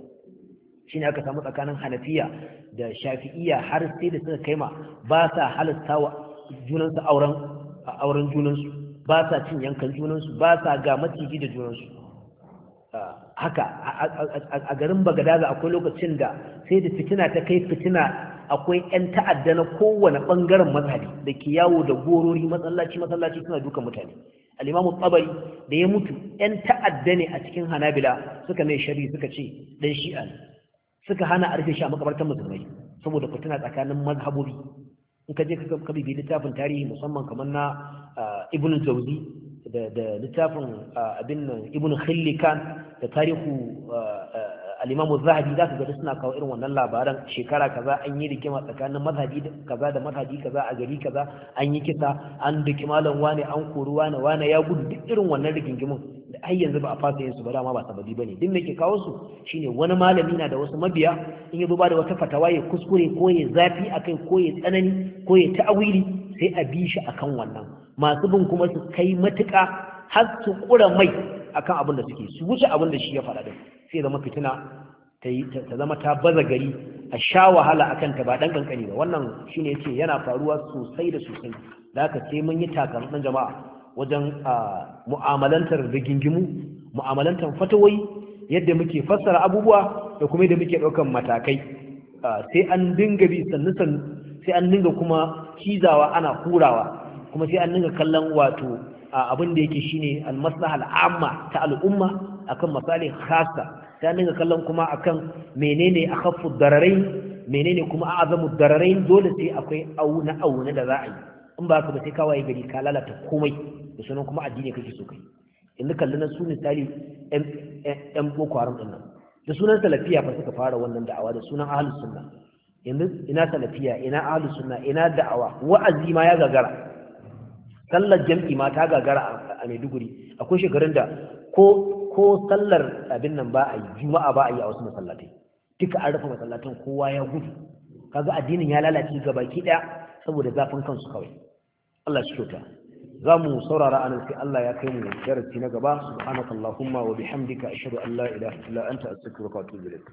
ne aka samu tsakanin hanafiya da shafi'iya har sai da suka kaima ba sa halasta wa junansu auren auren junansu ba sa cin yankan junansu ba sa ga maciji da junansu ah, haka a garin bagadaza akwai lokacin da sai da fitina ta kai fitina akwai 'yan ta'adda na kowane ɓangaren mazhabi da ke yawo da gorori matsalaci matsalaci suna duka mutane alimamu tsabari da ya mutu 'yan ta'adda ne a cikin hanabila suka mai shari suka ce dan shi'a ne suka hana a rufe shi a makabartan musulmai saboda fitina tsakanin mazhabobi in ka je ka bibi littafin tarihi musamman kamar na ah, ibn jauzi da littafin ah, abin nan ibn khillikan da tarihu ah, al'imamu zahabi za su ga suna kawo irin wannan labaran shekara kaza an yi rikima tsakanin mazhabi kaza da mazhabi kaza a gari kaza an yi kisa an duki malam wane an kori wane wane ya gudu duk irin wannan rigingimin da ai yanzu ba a fasa yin su ba dama ba sababi bane duk me ke kawo su shine wani malami na da wasu mabiya in ya ba da wata fatawa ya kuskure ko ya zafi akai ko ya tsanani ko ya ta'awili sai a bi shi akan wannan masu bin kuma su kai matuƙa har su kura mai akan abin da suke su wuce abin da shi ya faɗa din sai zama fitina ta zama ta baza gari a sha wahala akan ta ba ɗan kankani ba wannan shine ne yana faruwa sosai da sosai da ka ce mun yi takarar jama'a wajen mu'amalantar rigingimu mu'amalantar fatawai, yadda muke fassara abubuwa da kuma yadda muke ɗaukan matakai sai an dinga bi sannu sannu sai an dinga kuma cizawa ana hurawa kuma sai an dinga kallon wato abin da yake shine almaslahal amma ta al'umma akan masalin khassa ta dinga kallon kuma akan menene akhaffu dararain menene kuma azamu dararain dole sai akwai auna auna da za a yi in ba ka ba sai kawai gari ka lalata komai da sunan kuma addini kake so kai yanzu kallon nan su misali yan boko haram din nan da sunan salafiya fa suka fara wannan da'awa da sunan ahlus sunna yanzu ina salafiya ina ahlus sunna ina da'awa wa'azi ma ya gagara sallar jam'i ma ta gagara a maiduguri akwai shekarun da ko ko sallar abin nan ba a yi juma'a ba a yi a wasu masallatai duka an rufe masallatan kowa ya gudu kaga addinin ya lalace gaba ki daya saboda zafin kansu kawai Allah shi kyauta za mu saurara anan sai Allah ya kai mu darasi na gaba subhanakallahumma wa bihamdika ashhadu an la ilaha illa anta astaghfiruka wa atubu ilaik